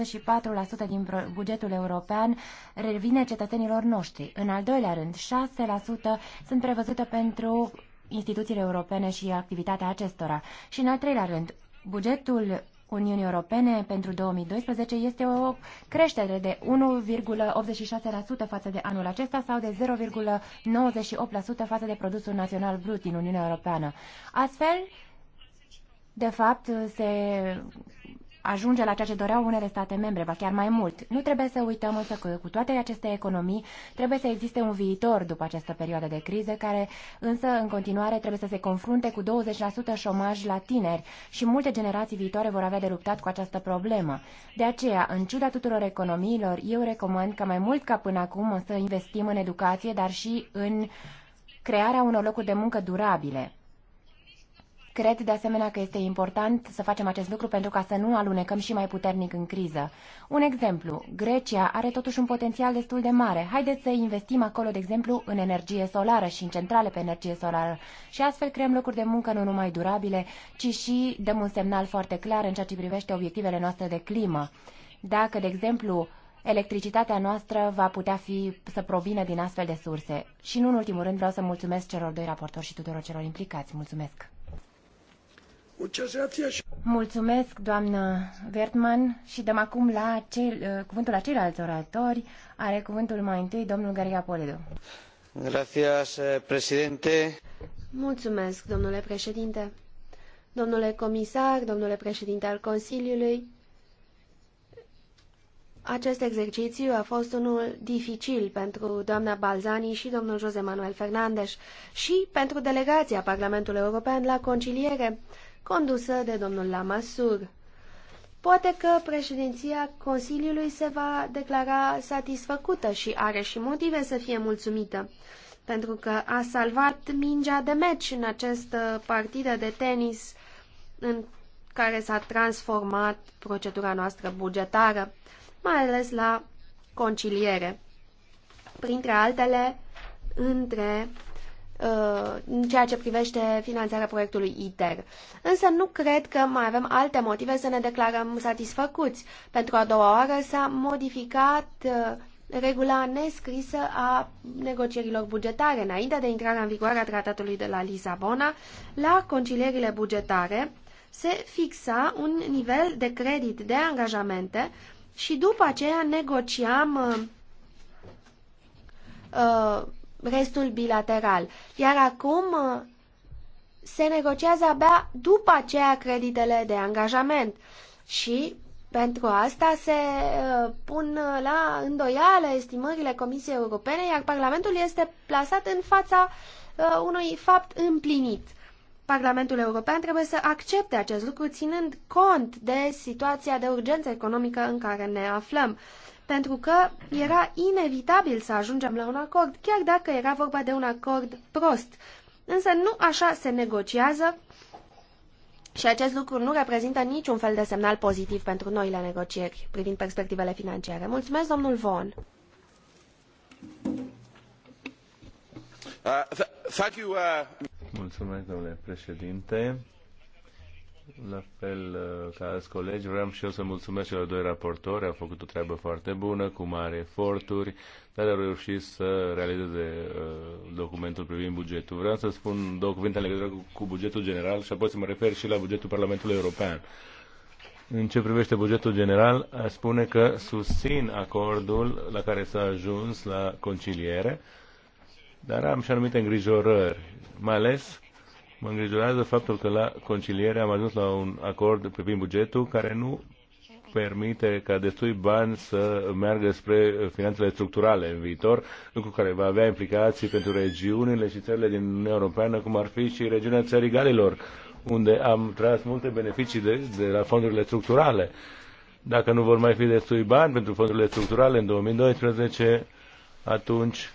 94% din bugetul european revine cetățenilor noștri. În al doilea rând, 6% sunt prevăzute pentru instituțiile europene și activitatea acestora. Și în al treilea rând, Bugetul Uniunii Europene pentru 2012 este o creștere de 1,86% față de anul acesta sau de 0,98% față de produsul național brut din Uniunea Europeană. Astfel, de fapt, se ajunge la ceea ce doreau unele state membre, va chiar mai mult. Nu trebuie să uităm însă că cu toate aceste economii trebuie să existe un viitor după această perioadă de criză, care însă în continuare trebuie să se confrunte cu 20% șomaj la tineri și multe generații viitoare vor avea de luptat cu această problemă. De aceea, în ciuda tuturor economiilor, eu recomand ca mai mult ca până acum să investim în educație, dar și în crearea unor locuri de muncă durabile. Cred de asemenea că este important să facem acest lucru pentru ca să nu alunecăm și mai puternic în criză. Un exemplu, Grecia are totuși un potențial destul de mare. Haideți să investim acolo, de exemplu, în energie solară și în centrale pe energie solară și astfel creăm locuri de muncă nu numai durabile, ci și dăm un semnal foarte clar în ceea ce privește obiectivele noastre de climă. Dacă, de exemplu, electricitatea noastră va putea fi să provină din astfel de surse. Și nu în ultimul rând vreau să mulțumesc celor doi raportori și tuturor celor implicați. Mulțumesc! Mulțumesc, doamnă Wertmann, și dăm acum la cel, uh, cuvântul la ceilalți oratori. Are cuvântul mai întâi domnul Garia Poledo. Gracias, eh, președinte. Mulțumesc, domnule președinte. Domnule comisar, domnule președinte al Consiliului, acest exercițiu a fost unul dificil pentru doamna Balzani și domnul José Manuel Fernandes și pentru delegația Parlamentului European la conciliere, condusă de domnul Lamassur. Poate că președinția Consiliului se va declara satisfăcută și are și motive să fie mulțumită, pentru că a salvat mingea de meci în această partidă de tenis în care s-a transformat procedura noastră bugetară, mai ales la conciliere, printre altele între Uh, în ceea ce privește finanțarea proiectului ITER. Însă nu cred că mai avem alte motive să ne declarăm satisfăcuți. Pentru a doua oară s-a modificat uh, regula nescrisă a negocierilor bugetare înainte de intrarea în vigoare a tratatului de la Lisabona la concilierile bugetare se fixa un nivel de credit de angajamente și după aceea negociam uh, uh, restul bilateral. Iar acum uh, se negociază abia după aceea creditele de angajament și pentru asta se uh, pun uh, la îndoială estimările Comisiei Europene, iar Parlamentul este plasat în fața unui fapt împlinit. Parlamentul European trebuie să accepte acest lucru ținând cont de situația de urgență economică în care ne aflăm pentru că era inevitabil să ajungem la un acord, chiar dacă era vorba de un acord prost. Însă nu așa se negociază și acest lucru nu reprezintă niciun fel de semnal pozitiv pentru noi la negocieri privind perspectivele financiare. Mulțumesc, domnul von. Uh, th uh, Mulțumesc, domnule președinte la fel uh, ca alți colegi, vreau și eu să mulțumesc celor doi raportori, au făcut o treabă foarte bună, cu mari eforturi, dar au reușit să realizeze uh, documentul privind bugetul. Vreau să spun două cuvinte în legătură cu, bugetul general și apoi să mă refer și la bugetul Parlamentului European. În ce privește bugetul general, spune că susțin acordul la care s-a ajuns la conciliere, dar am și anumite îngrijorări, mai ales Mă îngrijorează faptul că la conciliere am ajuns la un acord privind bugetul care nu permite ca destui bani să meargă spre finanțele structurale în viitor, lucru care va avea implicații pentru regiunile și țările din Uniunea Europeană, cum ar fi și regiunea țării Galilor, unde am tras multe beneficii de, de la fondurile structurale. Dacă nu vor mai fi destui bani pentru fondurile structurale în 2012, atunci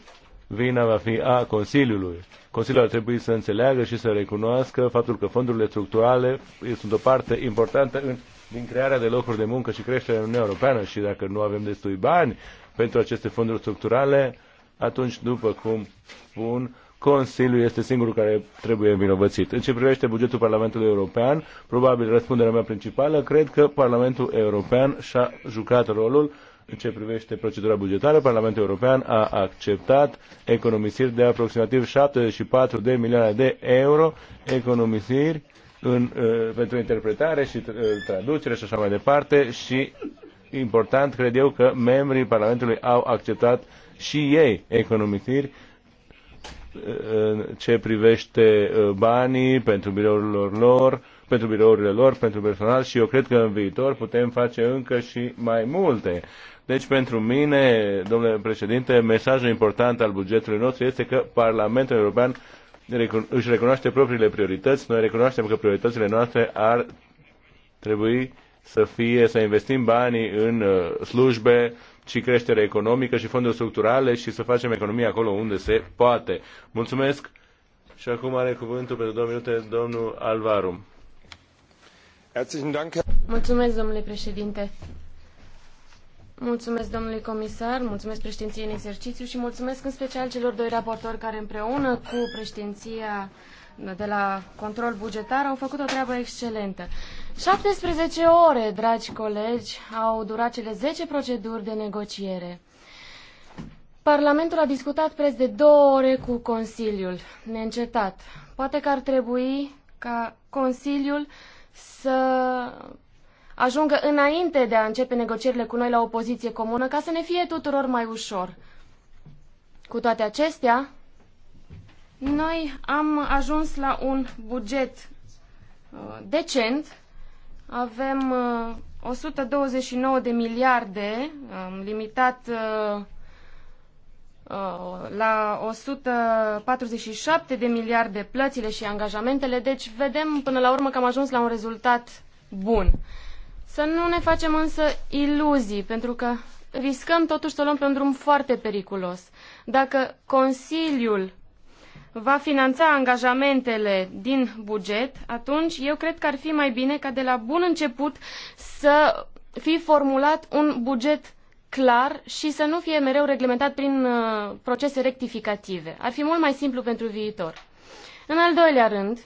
vina va fi a Consiliului. Consiliul ar trebui să înțeleagă și să recunoască faptul că fondurile structurale sunt o parte importantă în, din crearea de locuri de muncă și creșterea în Uniunea Europeană și dacă nu avem destui bani pentru aceste fonduri structurale, atunci, după cum spun, Consiliul este singurul care trebuie învinovățit. În ce privește bugetul Parlamentului European, probabil răspunderea mea principală, cred că Parlamentul European și-a jucat rolul în ce privește procedura bugetară, Parlamentul European a acceptat economisiri de aproximativ 74 de milioane de euro, economisiri în, uh, pentru interpretare și uh, traducere și așa mai departe și important, cred eu, că membrii Parlamentului au acceptat și ei economisiri uh, în ce privește banii pentru birourilor lor, pentru birourile lor, pentru personal și eu cred că în viitor putem face încă și mai multe. Deci pentru mine, domnule președinte, mesajul important al bugetului nostru este că Parlamentul European își recunoaște propriile priorități. Noi recunoaștem că prioritățile noastre ar trebui să fie să investim banii în uh, slujbe și creștere economică și fonduri structurale și să facem economia acolo unde se poate. Mulțumesc și acum are cuvântul pentru două minute domnul Alvarum. Mulțumesc, domnule președinte. Mulțumesc domnului comisar, mulțumesc președinției în exercițiu și mulțumesc în special celor doi raportori care împreună cu președinția de la control bugetar au făcut o treabă excelentă. 17 ore, dragi colegi, au durat cele zece proceduri de negociere. Parlamentul a discutat preț de două ore cu Consiliul, neîncetat. Poate că ar trebui ca Consiliul să ajungă înainte de a începe negocierile cu noi la o poziție comună, ca să ne fie tuturor mai ușor. Cu toate acestea, noi am ajuns la un buget uh, decent. Avem 129 uh, de miliarde, am limitat uh, Uh, la 147 de miliarde plățile și angajamentele, deci vedem până la urmă că am ajuns la un rezultat bun. Să nu ne facem însă iluzii, pentru că riscăm totuși să o luăm pe un drum foarte periculos. Dacă Consiliul va finanța angajamentele din buget, atunci eu cred că ar fi mai bine ca de la bun început să fi formulat un buget clar și să nu fie mereu reglementat prin uh, procese rectificative. Ar fi mult mai simplu pentru viitor. În al doilea rând,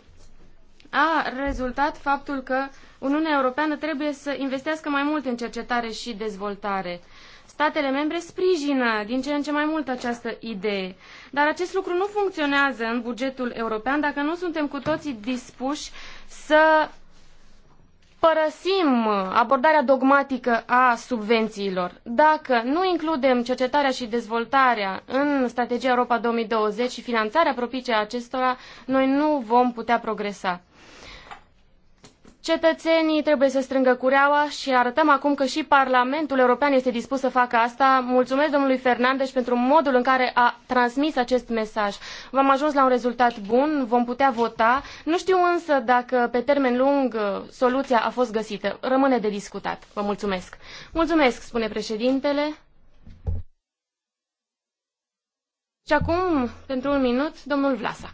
a rezultat faptul că Uniunea Europeană trebuie să investească mai mult în cercetare și dezvoltare. Statele membre sprijină din ce în ce mai mult această idee, dar acest lucru nu funcționează în bugetul european dacă nu suntem cu toții dispuși să părăsim abordarea dogmatică a subvențiilor. Dacă nu includem cercetarea și dezvoltarea în strategia Europa 2020 și finanțarea propice a acestora, noi nu vom putea progresa. Cetățenii trebuie să strângă cureaua și arătăm acum că și Parlamentul European este dispus să facă asta. Mulțumesc domnului Fernandes pentru modul în care a transmis acest mesaj. V-am ajuns la un rezultat bun, vom putea vota. Nu știu însă dacă pe termen lung uh, soluția a fost găsită. Rămâne de discutat. Vă mulțumesc. Mulțumesc, spune președintele. Și acum, pentru un minut, domnul Vlasac.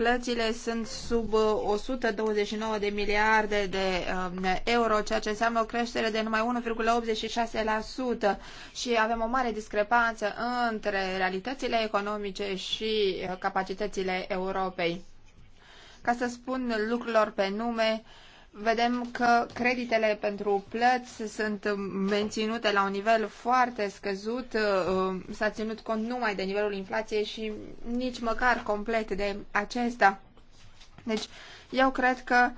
Plățile sunt sub 129 uh, de miliarde de um, euro, ceea ce înseamnă o creștere de numai 1,86% și avem o mare discrepanță între realitățile economice și uh, capacitățile Europei. Ca să spun lucrurilor pe nume, vedem că creditele pentru plăți sunt menținute la un nivel foarte scăzut, uh, s-a ținut cont numai de nivelul inflației și nici măcar complet de acesta. Deci, eu cred că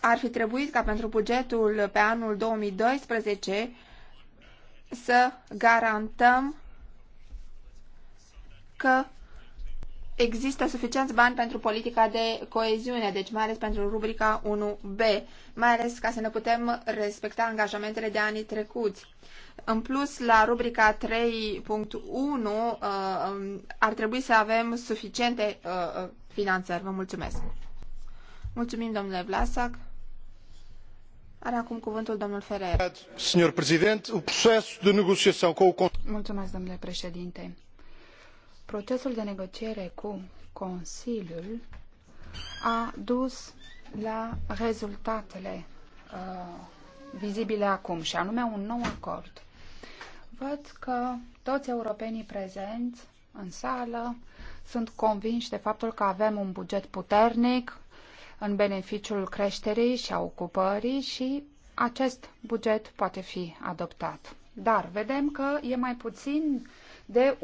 ar fi trebuit ca pentru bugetul pe anul 2012 să garantăm că există suficienți bani pentru politica de coeziune, deci mai ales pentru rubrica 1B, mai ales ca să ne putem respecta angajamentele de anii trecuți. În plus, la rubrica 3.1 uh, ar trebui să avem suficiente uh, uh, finanțări. Vă mulțumesc! Mulțumim, domnule Vlasac. Are acum cuvântul domnul Ferrer. Mulțumesc, domnule președinte Procesul de negociere cu Consiliul a dus la rezultatele uh, vizibile acum, și anume un nou acord. Văd că toți europenii prezenți în sală sunt convinși de faptul că avem un buget puternic în beneficiul creșterii și a ocupării și acest buget poate fi adoptat. Dar vedem că e mai puțin uh, de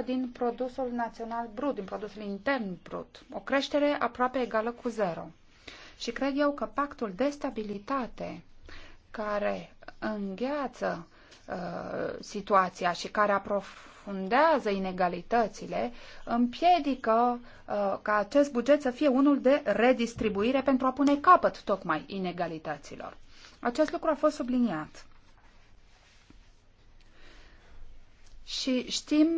1% din produsul național brut, din produsul intern brut, o creștere aproape egală cu zero. Și cred eu că pactul de stabilitate care îngheață uh, situația și care aprofundează inegalitățile, împiedică uh, ca acest buget să fie unul de redistribuire pentru a pune capăt tocmai inegalităților. Acest lucru a fost subliniat. Și știm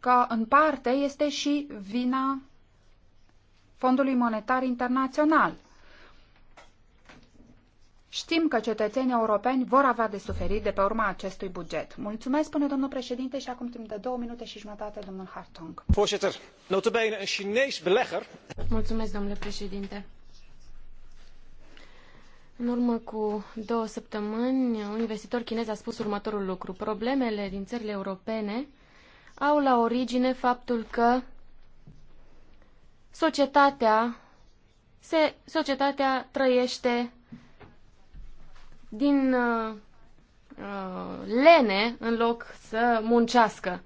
că în parte este și vina Fondului Monetar Internațional. Știm că cetățenii europeni vor avea de suferit de pe urma acestui buget. Mulțumesc, spune domnul președinte, și acum timp de două minute și jumătate, domnul Hartong. un Mulțumesc, domnule președinte. În urmă cu două săptămâni, un investitor chinez a spus următorul lucru. Problemele din țările europene au la origine faptul că societatea, se, societatea trăiește din uh, uh lene în loc să muncească.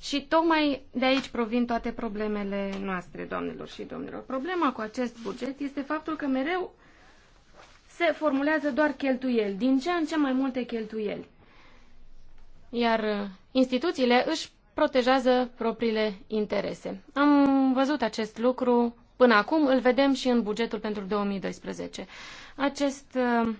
Și tocmai de aici provin toate problemele noastre, doamnelor și domnilor. Problema cu acest buget este faptul că mereu se formulează doar cheltuieli, din ce în ce mai multe cheltuieli. Iar uh, instituțiile își protejează propriile interese. Am văzut acest lucru până acum, îl vedem și în bugetul pentru 2012. Acest uh,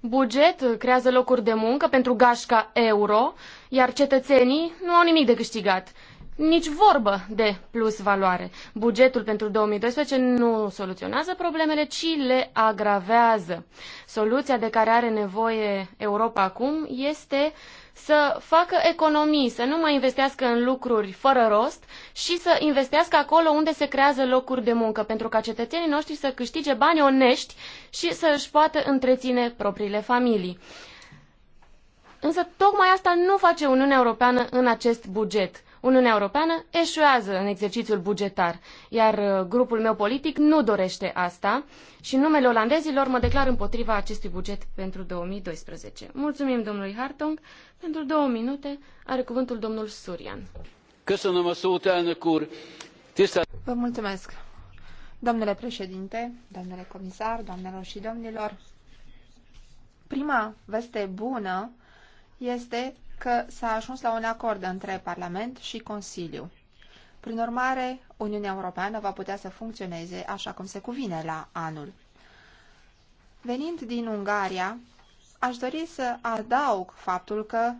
buget creează locuri de muncă pentru gașca euro, iar cetățenii nu au nimic de câștigat nici vorbă de plus valoare. Bugetul pentru 2012 nu soluționează problemele, ci le agravează. Soluția de care are nevoie Europa acum este să facă economii, să nu mai investească în lucruri fără rost și să investească acolo unde se creează locuri de muncă, pentru ca cetățenii noștri să câștige bani onești și să își poată întreține propriile familii. Însă tocmai asta nu face Uniunea Europeană în acest buget. Uniunea Europeană eșuează în exercițiul bugetar, iar uh, grupul meu politic nu dorește asta și numele olandezilor mă declar împotriva acestui buget pentru 2012. Mulțumim domnului Hartung Pentru două minute are cuvântul domnul Surian. Vă mulțumesc. Domnule președinte, domnule comisar, doamnelor și domnilor, prima veste bună este că s-a ajuns la un acord între Parlament și Consiliu. Prin urmare, Uniunea Europeană va putea să funcționeze așa cum se cuvine la anul. Venind din Ungaria, aș dori să adaug faptul că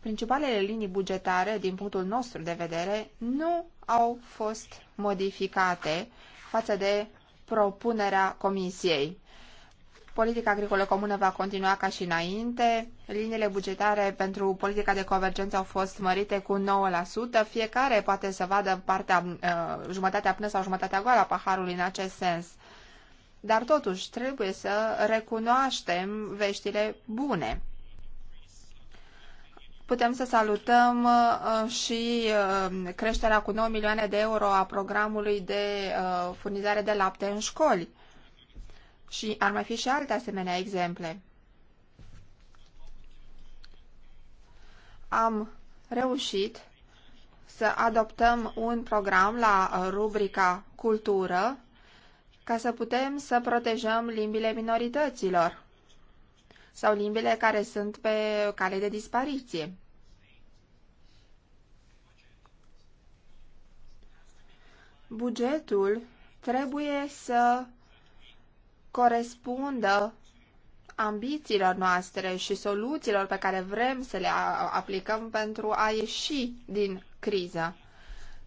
principalele linii bugetare, din punctul nostru de vedere, nu au fost modificate față de propunerea Comisiei. Politica agricolă comună va continua ca și înainte. Liniile bugetare pentru politica de convergență au fost mărite cu 9%. Fiecare poate să vadă partea, uh, jumătatea până sau jumătatea goală a paharului în acest sens. Dar totuși trebuie să recunoaștem veștile bune. Putem să salutăm uh, și uh, creșterea cu 9 milioane de euro a programului de furnizare de lapte în școli și ar mai fi și alte asemenea exemple. Am reușit să adoptăm un program la uh, rubrica Cultură ca să putem să protejăm limbile minorităților sau limbile care sunt pe cale de dispariție. Bugetul trebuie să corespundă ambițiilor noastre și soluțiilor pe care vrem să le aplicăm pentru a ieși din criză.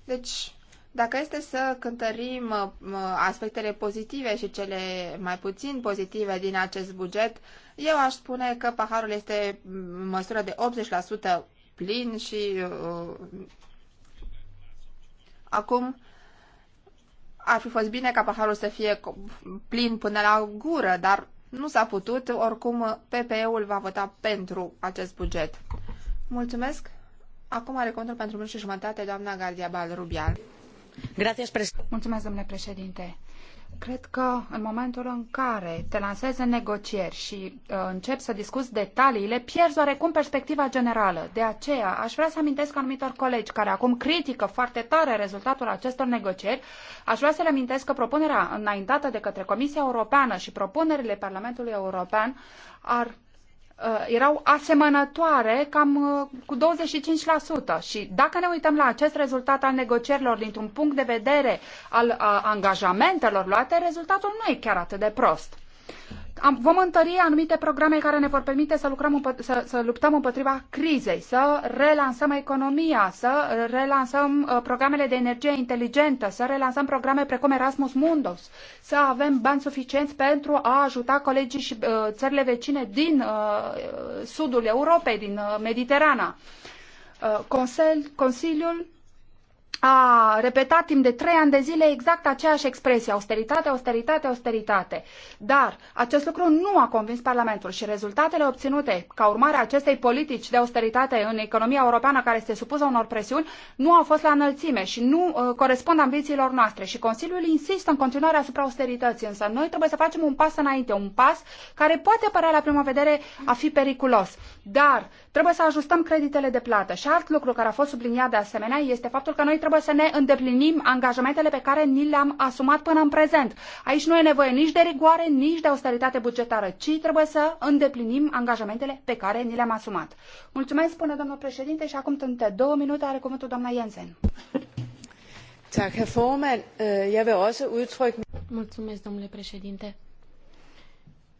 Deci, dacă este să cântărim uh, uh, aspectele pozitive și cele mai puțin pozitive din acest buget, eu aș spune că paharul este în măsură de 80% plin și uh, uh acum ar fi fost bine ca paharul să fie plin până la gură, dar nu s-a putut. Oricum, PPE-ul va vota pentru acest buget. Mulțumesc. Acum are contul pentru minut și jumătate doamna Gardia Bal Rubial. Mulțumesc, domnule președinte. Cred că în momentul în care te lansezi în negocieri și uh, începi să discuți detaliile, pierzi oarecum perspectiva generală. De aceea, aș vrea să amintesc anumitor colegi care acum critică foarte tare rezultatul acestor negocieri, aș vrea să le amintesc că propunerea înaintată de către Comisia Europeană și propunerile Parlamentului European ar Uh, erau asemănătoare cam uh, cu 25%. Și dacă ne uităm la acest rezultat al negocierilor dintr-un punct de vedere al uh, angajamentelor luate, rezultatul nu e chiar atât de prost am, vom întări anumite programe care ne vor permite să, lucrăm să, să luptăm împotriva crizei, să relansăm economia, să relansăm uh, programele de energie inteligentă, să relansăm programe precum Erasmus Mundus, să avem bani suficienți pentru a ajuta colegii și uh, țările vecine din uh, sudul Europei, din uh, Mediterana. Uh, consel, Consiliul a repetat timp de trei ani de zile exact aceeași expresie, austeritate, austeritate, austeritate. Dar acest lucru nu a convins Parlamentul și rezultatele obținute ca urmare a acestei politici de austeritate în economia europeană care este supusă unor presiuni nu au fost la înălțime și nu uh, corespund ambițiilor noastre și Consiliul insistă în continuare asupra austerității, însă noi trebuie să facem un pas înainte, un pas care poate părea la prima vedere a fi periculos. Dar Trebuie să ajustăm creditele de plată și alt lucru care a fost subliniat de asemenea este faptul că noi trebuie să ne îndeplinim angajamentele pe care ni le-am asumat până în prezent. Aici nu e nevoie nici de rigoare, nici de austeritate bugetară, ci trebuie să îndeplinim angajamentele pe care ni le-am asumat. Mulțumesc, spune domnul președinte, și acum tânte două minute are cuvântul doamna Jensen. Øh, Mulțumesc, domnule președinte.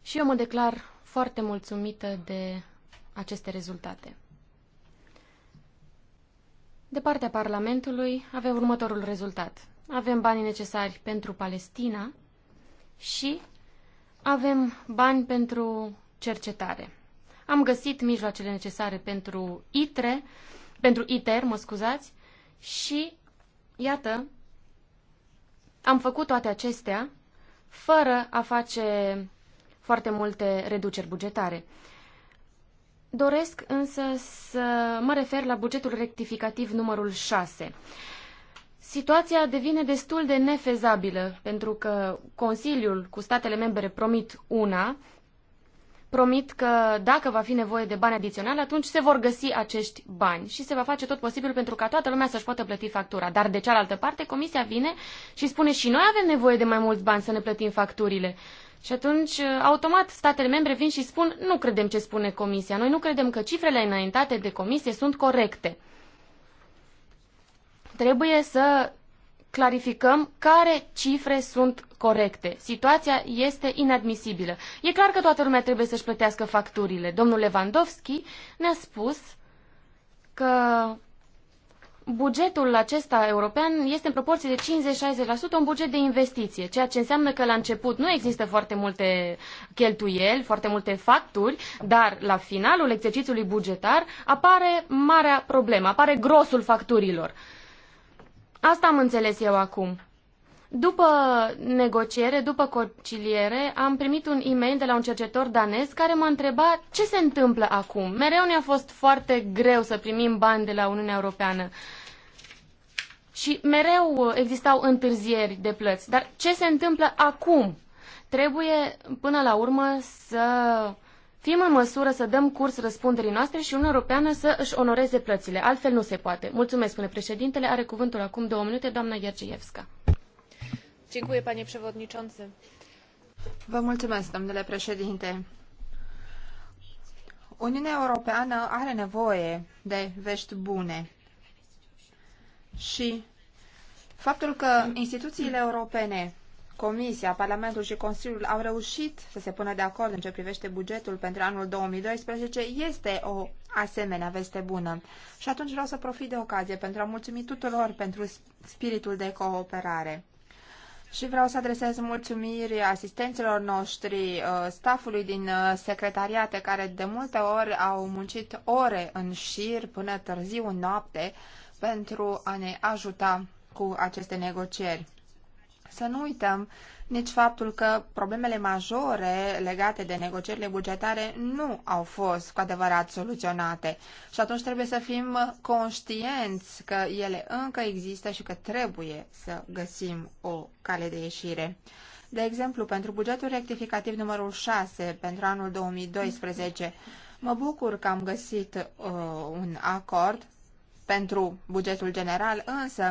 Și eu mă declar foarte mulțumită de aceste rezultate. De partea Parlamentului avem următorul rezultat. Avem banii necesari pentru Palestina și avem bani pentru cercetare. Am găsit mijloacele necesare pentru ITRE, pentru ITER, mă scuzați, și iată, am făcut toate acestea fără a face foarte multe reduceri bugetare. Doresc însă să mă refer la bugetul rectificativ numărul 6. Situația devine destul de nefezabilă, pentru că Consiliul cu statele membre promit una, promit că dacă va fi nevoie de bani adiționali, atunci se vor găsi acești bani și se va face tot posibil pentru ca toată lumea să-și poată plăti factura. Dar de cealaltă parte, Comisia vine și spune și noi avem nevoie de mai mulți bani să ne plătim facturile. Și atunci, uh, automat, statele membre vin și spun, nu credem ce spune Comisia. Noi nu credem că cifrele înaintate de Comisie sunt corecte. Trebuie să clarificăm care cifre sunt corecte. Situația este inadmisibilă. E clar că toată lumea trebuie să-și plătească facturile. Domnul Lewandowski ne-a spus că bugetul acesta european este în proporție de 50-60% un buget de investiție, ceea ce înseamnă că la început nu există foarte multe cheltuieli, foarte multe facturi, dar la finalul exercițiului bugetar apare marea problemă, apare grosul facturilor. Asta am înțeles eu acum. După negociere, după conciliere, am primit un e-mail de la un cercetor danez care m-a întrebat ce se întâmplă acum. Mereu ne-a fost foarte greu să primim bani de la Uniunea Europeană. Și mereu existau întârzieri de plăți. Dar ce se întâmplă acum? Trebuie, până la urmă, să fim în măsură să dăm curs răspunderii noastre și Uniunea Europeană să își onoreze plățile. Altfel nu se poate. Mulțumesc, spune președintele. Are cuvântul acum două minute, doamna Iergievska uniunea europeană are nevoie de veti bune și faptul că instituțiile europene Comisia, Parlamentul și Consiliul au reușit să se pună de acord în ce privete bugetul pentru anul doisprezece este o asemenea veste bună. Și atunci vreau să profit de ocazie pentru a mulțumi tuturor pentru spiritul de cooperare. Și vreau să adresez mulțumiri asistenților noștri, uh, staffului din uh, secretariate care de multe ori au muncit ore în șir până târziu noapte pentru a ne ajuta cu aceste negocieri. Să nu uităm nici faptul că problemele majore legate de negocierile bugetare nu au fost cu adevărat soluționate și atunci trebuie să fim conștienți că ele încă există și că trebuie să găsim o cale de ieșire. De exemplu, pentru bugetul rectificativ numărul 6 pentru anul 2012, mă bucur că am găsit uh, un acord pentru bugetul general, însă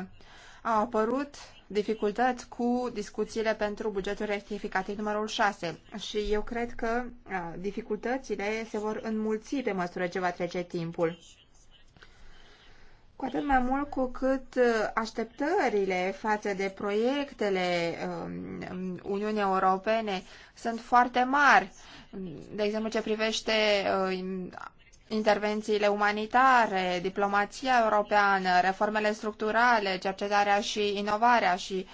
au apărut dificultăți cu discuțiile pentru bugetul rectificativ numărul 6 și eu cred că dificultățile se vor înmulți pe măsură ce va trece timpul. Cu atât mai mult cu cât așteptările față de proiectele Uniunii Europene sunt foarte mari. De exemplu, ce privește intervențiile umanitare, diplomația europeană, reformele structurale, cercetarea și inovarea și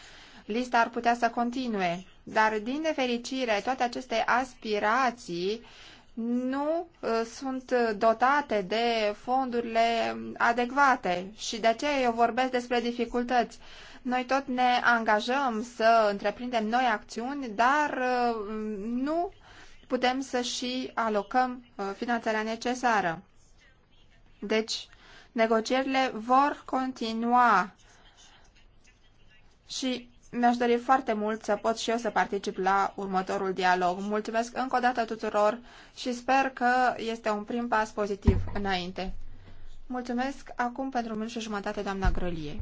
lista ar putea să continue. Dar, din nefericire, toate aceste aspirații nu uh, sunt dotate de fondurile adecvate și de aceea eu vorbesc despre dificultăți. Noi tot ne angajăm să întreprindem noi acțiuni, dar uh, nu putem să și alocăm uh, finanțarea necesară. Deci, negocierile vor continua și mi-aș dori foarte mult să pot și eu să particip la următorul dialog. Mulțumesc încă o dată tuturor și sper că este un prim pas pozitiv înainte. Mulțumesc acum pentru minut și jumătate, doamna Grălie.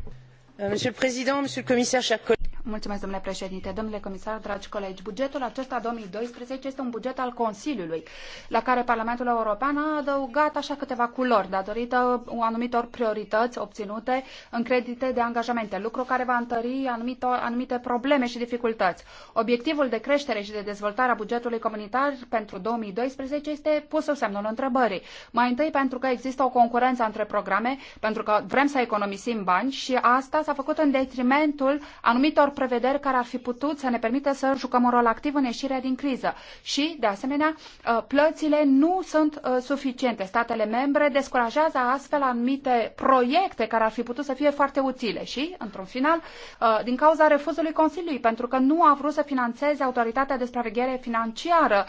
Monsieur le Président, Monsieur le Commissaire, chers collègues. Mulțumesc, domnule președinte, domnule comisar, dragi colegi. Bugetul acesta 2012 este un buget al Consiliului, la care Parlamentul European a adăugat așa câteva culori, datorită anumitor priorități obținute în credite de angajamente, lucru care va întări anumito, anumite probleme și dificultăți. Obiectivul de creștere și de dezvoltare a bugetului comunitar pentru 2012 este pus sub semnul întrebării. Mai întâi pentru că există o concurență între programe, pentru că vrem să economisim bani și asta s-a făcut în detrimentul anumitor prevederi care ar fi putut să ne permită să jucăm un rol activ în ieșirea din criză. Și, de asemenea, uh, plățile nu sunt uh, suficiente. Statele membre descurajează astfel anumite proiecte care ar fi putut să fie foarte utile și, într-un final, uh, din cauza refuzului Consiliului, pentru că nu a vrut să financeze autoritatea de supraveghere financiară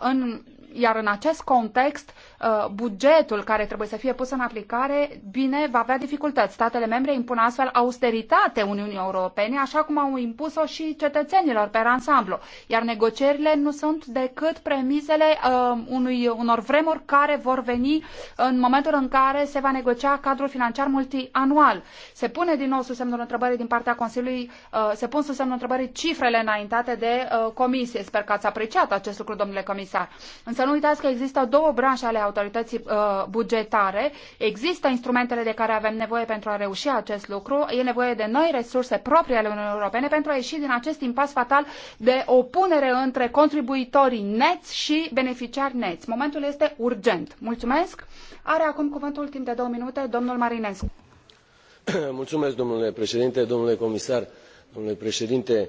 în iar în acest context Uh, bugetul care trebuie să fie pus în aplicare, bine, va avea dificultăți. Statele membre impun astfel austeritate Uniunii Europene, așa cum au impus-o și cetățenilor pe ansamblu. Iar negocierile nu sunt decât premizele uh, unui, unor vremuri care vor veni în momentul în care se va negocia cadrul financiar multianual. Se pune din nou sub semnul întrebării din partea Consiliului, uh, se pun sub semnul întrebării cifrele înaintate de uh, comisie. Sper că ați apreciat acest lucru, domnule comisar. Însă nu uitați că există două branșe ale autorității uh, bugetare. Există instrumentele de care avem nevoie pentru a reuși acest lucru. E nevoie de noi resurse proprii ale Uniunii Europene pentru a ieși din acest impas fatal de opunere între contribuitorii neți și beneficiari neți. Momentul este urgent. Mulțumesc. Are acum cuvântul timp de două minute domnul Marinescu. <clears throat> Mulțumesc, domnule președinte, domnule comisar, domnule președinte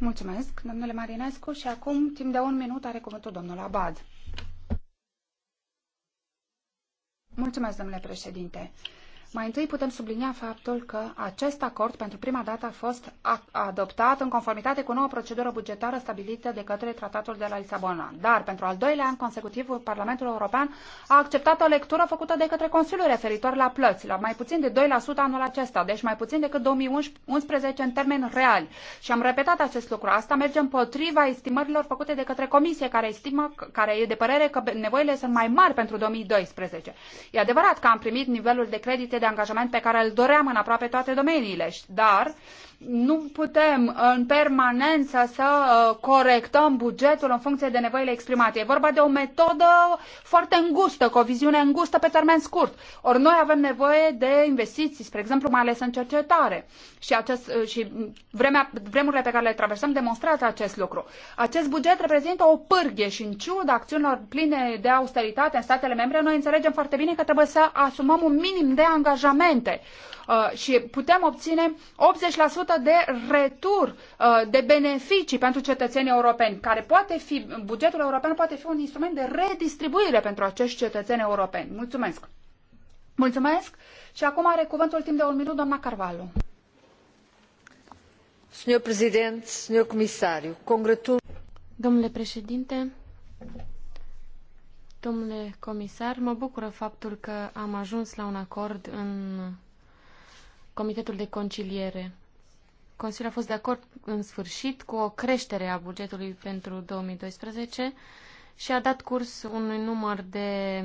Mulțumesc, domnule Marinescu. Și acum, timp de un minut, are cuvântul domnul Abad. Mulțumesc, domnule președinte. Mai întâi putem sublinia faptul că acest acord pentru prima dată a fost adoptat în conformitate cu noua procedură bugetară stabilită de către Tratatul de la Lisabona. Dar pentru al doilea an consecutiv, Parlamentul European a acceptat o lectură făcută de către Consiliul referitor la plăți, la mai puțin de 2% anul acesta, deci mai puțin decât 2011 în termeni reali. Și am repetat acest lucru. Asta merge împotriva estimărilor făcute de către Comisie, care estimă, care e de părere că nevoile sunt mai mari pentru 2012. E adevărat că am primit nivelul de credite de angajament pe care îl doream în aproape toate domeniile, dar nu putem în permanență să uh, corectăm bugetul în funcție de nevoile exprimate. E vorba de o metodă foarte îngustă, cu o viziune îngustă pe termen scurt. Ori noi avem nevoie de investiții, spre exemplu, mai ales în cercetare. Și, acest, uh, și vremea, vremurile pe care le traversăm demonstrează acest lucru. Acest buget reprezintă o pârghie și în ciuda acțiunilor pline de austeritate în statele membre, noi înțelegem foarte bine că trebuie să asumăm un minim de angajamente Uh, și putem obține 80% de retur uh, de beneficii pentru cetățenii europeni, care poate fi, bugetul european poate fi un instrument de redistribuire pentru acești cetățeni europeni. Mulțumesc! Mulțumesc și acum are cuvântul timp de un minut doamna Carvalho. Domnule președinte, domnule comisar, mă bucură faptul că am ajuns la un acord în Comitetul de Conciliere. Consiliul a fost de acord în sfârșit cu o creștere a bugetului pentru 2012 și a dat curs unui număr de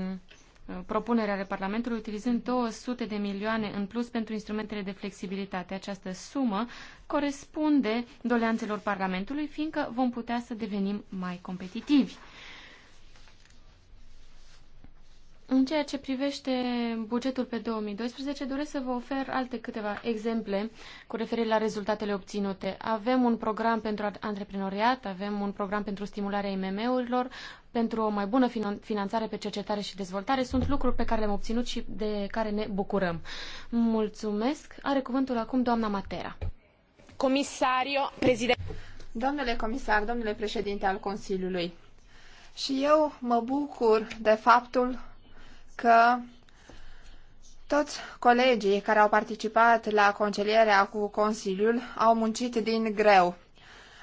uh, propunere ale Parlamentului, utilizând 200 de milioane în plus pentru instrumentele de flexibilitate. Această sumă corespunde doleanțelor Parlamentului, fiindcă vom putea să devenim mai competitivi. În ceea ce privește bugetul pe 2012, doresc să vă ofer alte câteva exemple cu referire la rezultatele obținute. Avem un program pentru antreprenoriat, avem un program pentru stimularea IMM-urilor, pentru o mai bună finanțare pe cercetare și dezvoltare. Sunt lucruri pe care le-am obținut și de care ne bucurăm. Mulțumesc. Are cuvântul acum doamna Matera. Comisario, președinte. Domnule comisar, domnule președinte al Consiliului, și eu mă bucur de faptul că toți colegii care au participat la concilierea cu Consiliul au muncit din greu.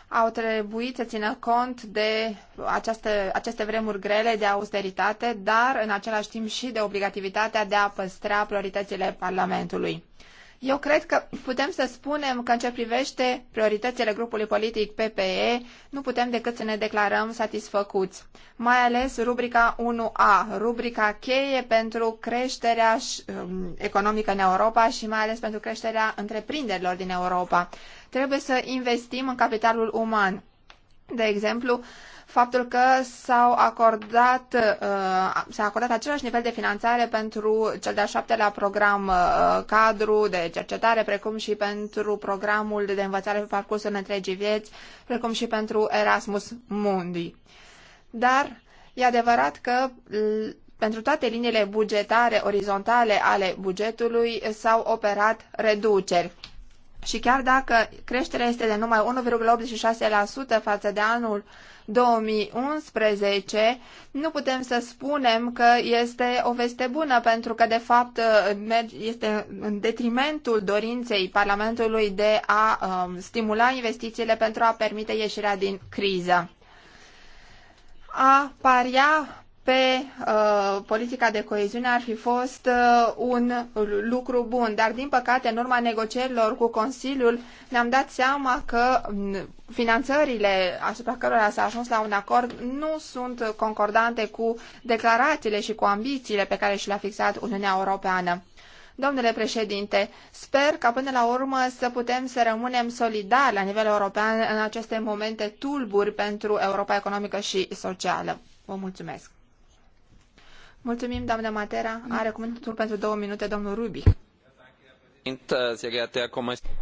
Au trebuit să țină cont de aceste, aceste vremuri grele de austeritate, dar în același timp și de obligativitatea de a păstra prioritățile Parlamentului. Eu cred că putem să spunem că în ce privește prioritățile grupului politic PPE, nu putem decât să ne declarăm satisfăcuți, mai ales rubrica 1A, rubrica cheie pentru creșterea um, economică în Europa și mai ales pentru creșterea întreprinderilor din Europa. Trebuie să investim în capitalul uman. De exemplu, faptul că s-au acordat, uh, s-a acordat același nivel de finanțare pentru cel de-al șaptelea program uh, cadru de cercetare, precum și pentru programul de învățare pe parcursul în întregii vieți, precum și pentru Erasmus Mundi. Dar e adevărat că pentru toate liniile bugetare orizontale ale bugetului s-au operat reduceri. Și chiar dacă creșterea este de numai 1,86% față de anul 2011, nu putem să spunem că este o veste bună, pentru că, de fapt, este în detrimentul dorinței Parlamentului de a um, stimula investițiile pentru a permite ieșirea din criză. A paria pe uh, politica de coeziune ar fi fost uh, un lucru bun, dar din păcate în urma negocierilor cu Consiliul ne-am dat seama că mm, finanțările asupra cărora s-a ajuns la un acord nu sunt concordante cu declarațiile și cu ambițiile pe care și le-a fixat Uniunea Europeană. Domnule președinte, sper ca până la urmă să putem să rămânem solidari la nivel european în aceste momente tulburi pentru Europa economică și socială. Vă mulțumesc! Mulțumim, doamna Matera. Are cuvântul pentru două minute domnul Rubi.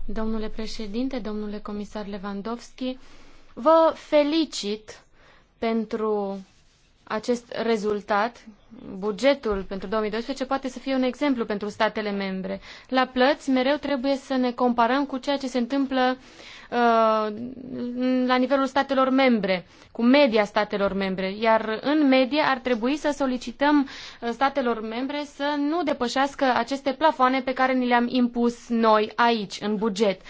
Domnule președinte, domnule comisar Lewandowski, vă felicit pentru acest rezultat, bugetul pentru doisprezece poate să fie un exemplu pentru statele membre. La plăți mereu trebuie să ne comparăm cu ceea ce se întâmplă uh, la nivelul statelor membre, cu media statelor membre, iar în medie ar trebui să solicităm uh, statelor membre să nu depășească aceste plafoane pe care ni le-am impus noi aici, în buget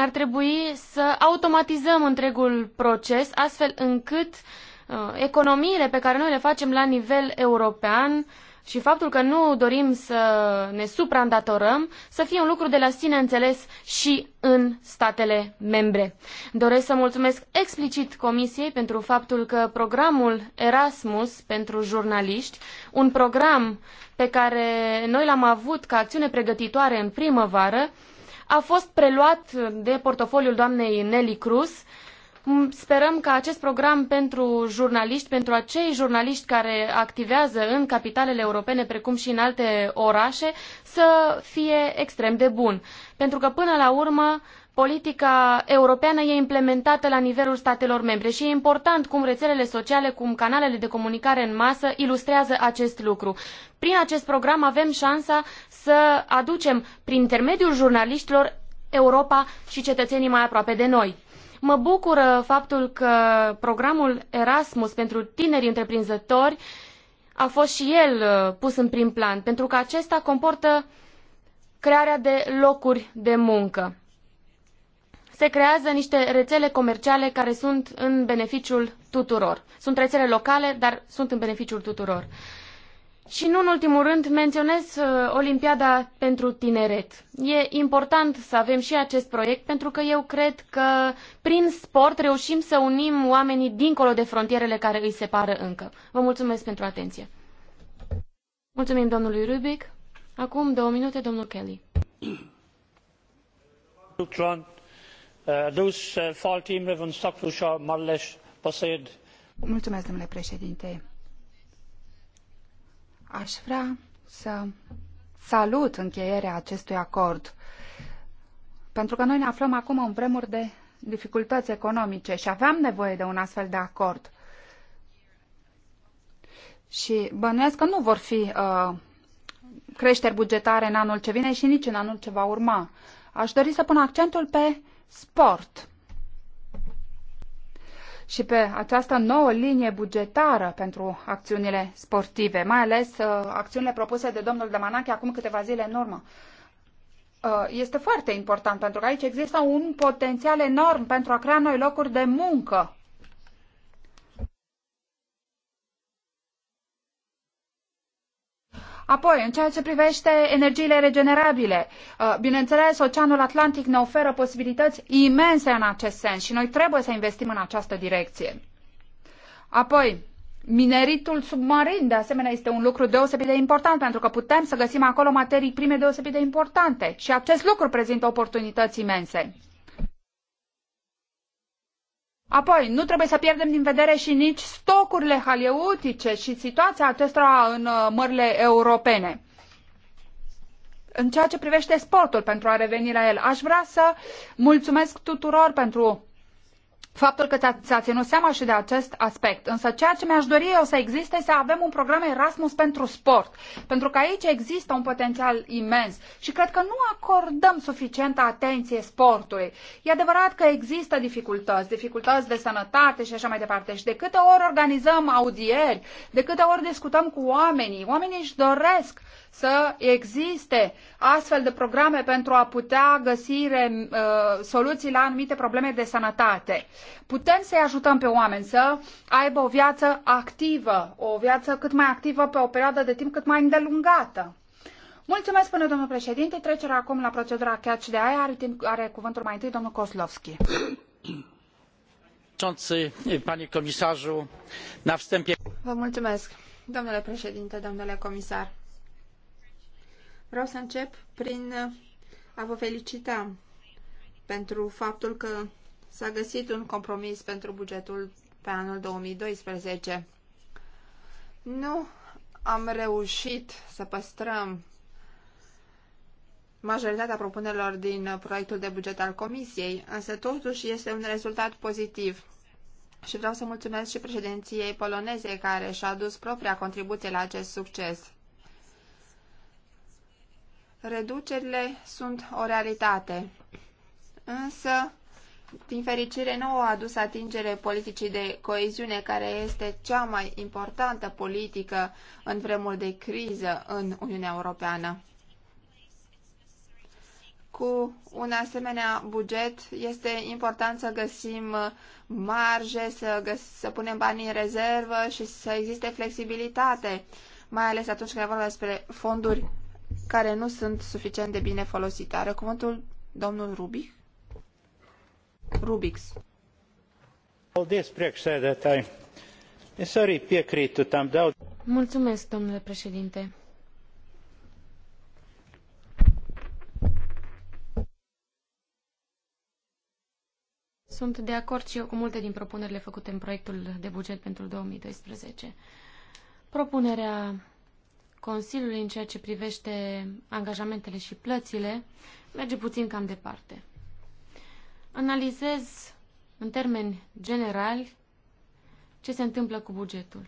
ar trebui să automatizăm întregul proces, astfel încât uh, economiile pe care noi le facem la nivel european și faptul că nu dorim să ne supraîndatorăm să fie un lucru de la sine înțeles și în statele membre. Doresc să mulțumesc explicit Comisiei pentru faptul că programul Erasmus pentru jurnaliști, un program pe care noi l-am avut ca acțiune pregătitoare în primăvară, a fost preluat de portofoliul doamnei Nelly Cruz. Sperăm ca acest program pentru jurnaliști, pentru acei jurnaliști care activează în capitalele europene, precum și în alte orașe, să fie extrem de bun. Pentru că, până la urmă, politica europeană e implementată la nivelul statelor membre și e important cum rețelele sociale, cum canalele de comunicare în masă ilustrează acest lucru. Prin acest program avem șansa să aducem, prin intermediul jurnaliștilor, Europa și cetățenii mai aproape de noi. Mă bucură faptul că programul Erasmus pentru tineri întreprinzători a fost și el uh, pus în prim plan, pentru că acesta comportă crearea de locuri de muncă se creează niște rețele comerciale care sunt în beneficiul tuturor. Sunt rețele locale, dar sunt în beneficiul tuturor. Și nu în ultimul rând menționez uh, Olimpiada pentru tineret. E important să avem și acest proiect pentru că eu cred că prin sport reușim să unim oamenii dincolo de frontierele care îi separă încă. Vă mulțumesc pentru atenție. Mulțumim domnului Rubic. Acum două minute, domnul Kelly. Uh, dus uh, Mulțumesc, domnule președinte. Aș vrea să salut încheierea acestui acord, pentru că noi ne aflăm acum în vremuri de dificultăți economice și aveam nevoie de un astfel de acord. Și bănuiesc că nu vor fi uh, creșteri bugetare în anul ce vine și nici în anul ce va urma. Aș dori să pun accentul pe sport. Și pe această nouă linie bugetară pentru acțiunile sportive, mai ales uh, acțiunile propuse de domnul Damanache acum câteva zile în urmă, uh, este foarte important pentru că aici există un potențial enorm pentru a crea noi locuri de muncă Apoi, în ceea ce privește energiile regenerabile, uh, bineînțeles, Oceanul Atlantic ne oferă posibilități imense în acest sens și noi trebuie să investim în această direcție. Apoi, mineritul submarin, de asemenea, este un lucru deosebit de important pentru că putem să găsim acolo materii prime deosebit de importante și acest lucru prezintă oportunități imense. Apoi, nu trebuie să pierdem din vedere și nici stocurile haleutice și situația acestora în uh, mările europene în ceea ce privește sportul, pentru a reveni la el, aș vrea să mulțumesc tuturor pentru faptul că ți-a ținut seama și de acest aspect. Însă ceea ce mi-aș dori eu să existe să avem un program Erasmus pentru sport, pentru că aici există un potențial imens și cred că nu acordăm suficientă atenție sportului. E adevărat că există dificultăți, dificultăți de sănătate și așa mai departe și de câte ori organizăm audieri, de câte ori discutăm cu oamenii, oamenii își doresc să existe astfel de programe pentru a putea găsi re, uh, soluții la anumite probleme de sănătate. Putem să-i ajutăm pe oameni să aibă o viață activă, o viață cât mai activă pe o perioadă de timp cât mai îndelungată. Mulțumesc, până domnul președinte. Trecerea acum la procedura catch de aia. Are, timp, are cuvântul mai întâi domnul Koslovski. Vă mulțumesc, domnule președinte, domnule comisar. Vreau să încep prin uh, a vă felicita pentru faptul că s-a găsit un compromis pentru bugetul pe anul 2012. Nu am reușit să păstrăm majoritatea propunerilor din uh, proiectul de buget al Comisiei, însă totuși este un rezultat pozitiv. Și vreau să mulțumesc și președinției poloneze care și-a dus propria contribuție la acest succes. Reducerile sunt o realitate, însă, din fericire, nu au adus atingere politicii de coeziune, care este cea mai importantă politică în vremul de criză în Uniunea Europeană. Cu un asemenea buget este important să găsim marge, să, găs- să punem bani în rezervă și să existe flexibilitate, mai ales atunci când vorbim despre fonduri care nu sunt suficient de bine folosite. Are cuvântul domnul Rubic? Rubix. Paldies, priekšsēdētāji. Es arī piekrītu tam daudz. Mulțumesc, domnule președinte. Sunt de acord și eu cu multe din propunerile făcute în proiectul de buget pentru 2012. Propunerea Consiliului în ceea ce privește angajamentele și plățile merge puțin cam departe. Analizez în termeni generali ce se întâmplă cu bugetul.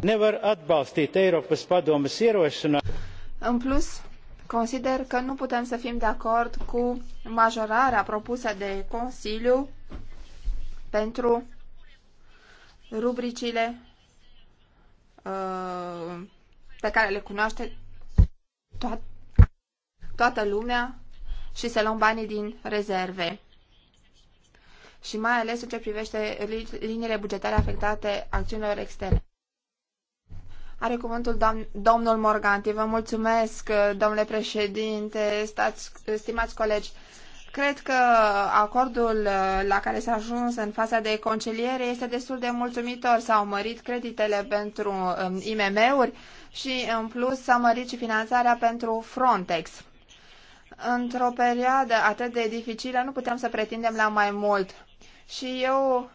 Never În plus, consider că nu putem să fim de acord cu majorarea propusă de Consiliu pentru rubricile Uh, pe care le cunoaște toat, toată lumea și să luăm banii din rezerve. Și mai ales în ce privește liniile bugetare afectate acțiunilor externe. Are cuvântul domn, domnul Morganti. Vă mulțumesc, domnule președinte, stați, stimați colegi. Cred că acordul uh, la care s-a ajuns în faza de conciliere este destul de mulțumitor. S-au mărit creditele pentru um, IMM-uri și, în plus, s-a mărit și finanțarea pentru Frontex. Într-o perioadă atât de dificilă, nu putem să pretindem la mai mult. Și eu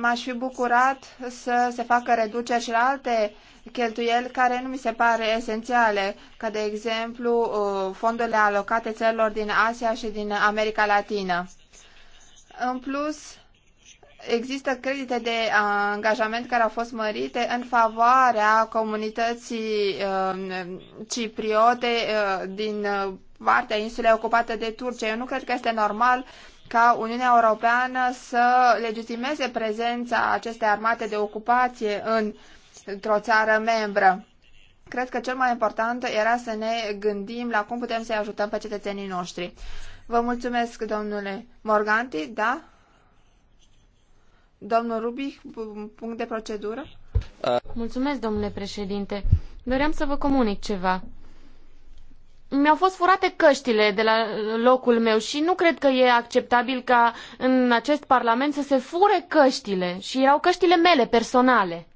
m-aș fi bucurat să se facă reduceri și la alte cheltuieli care nu mi se pare esențiale, ca de exemplu uh, fondurile alocate țărilor din Asia și din America Latină. În plus, există credite de angajament care au fost mărite în favoarea comunității uh, cipriote uh, din partea insulei ocupată de Turcia. Eu nu cred că este normal ca Uniunea Europeană să legitimeze prezența acestei armate de ocupație în, într-o țară membră. Cred că cel mai important era să ne gândim la cum putem să-i ajutăm pe cetățenii noștri. Vă mulțumesc, domnule Morganti, da? Domnul Rubic, punct de procedură? Mulțumesc, domnule președinte. Doream să vă comunic ceva mi-au fost furate căștile de la locul meu și nu cred că e acceptabil ca în acest parlament să se fure căștile și erau căștile mele personale.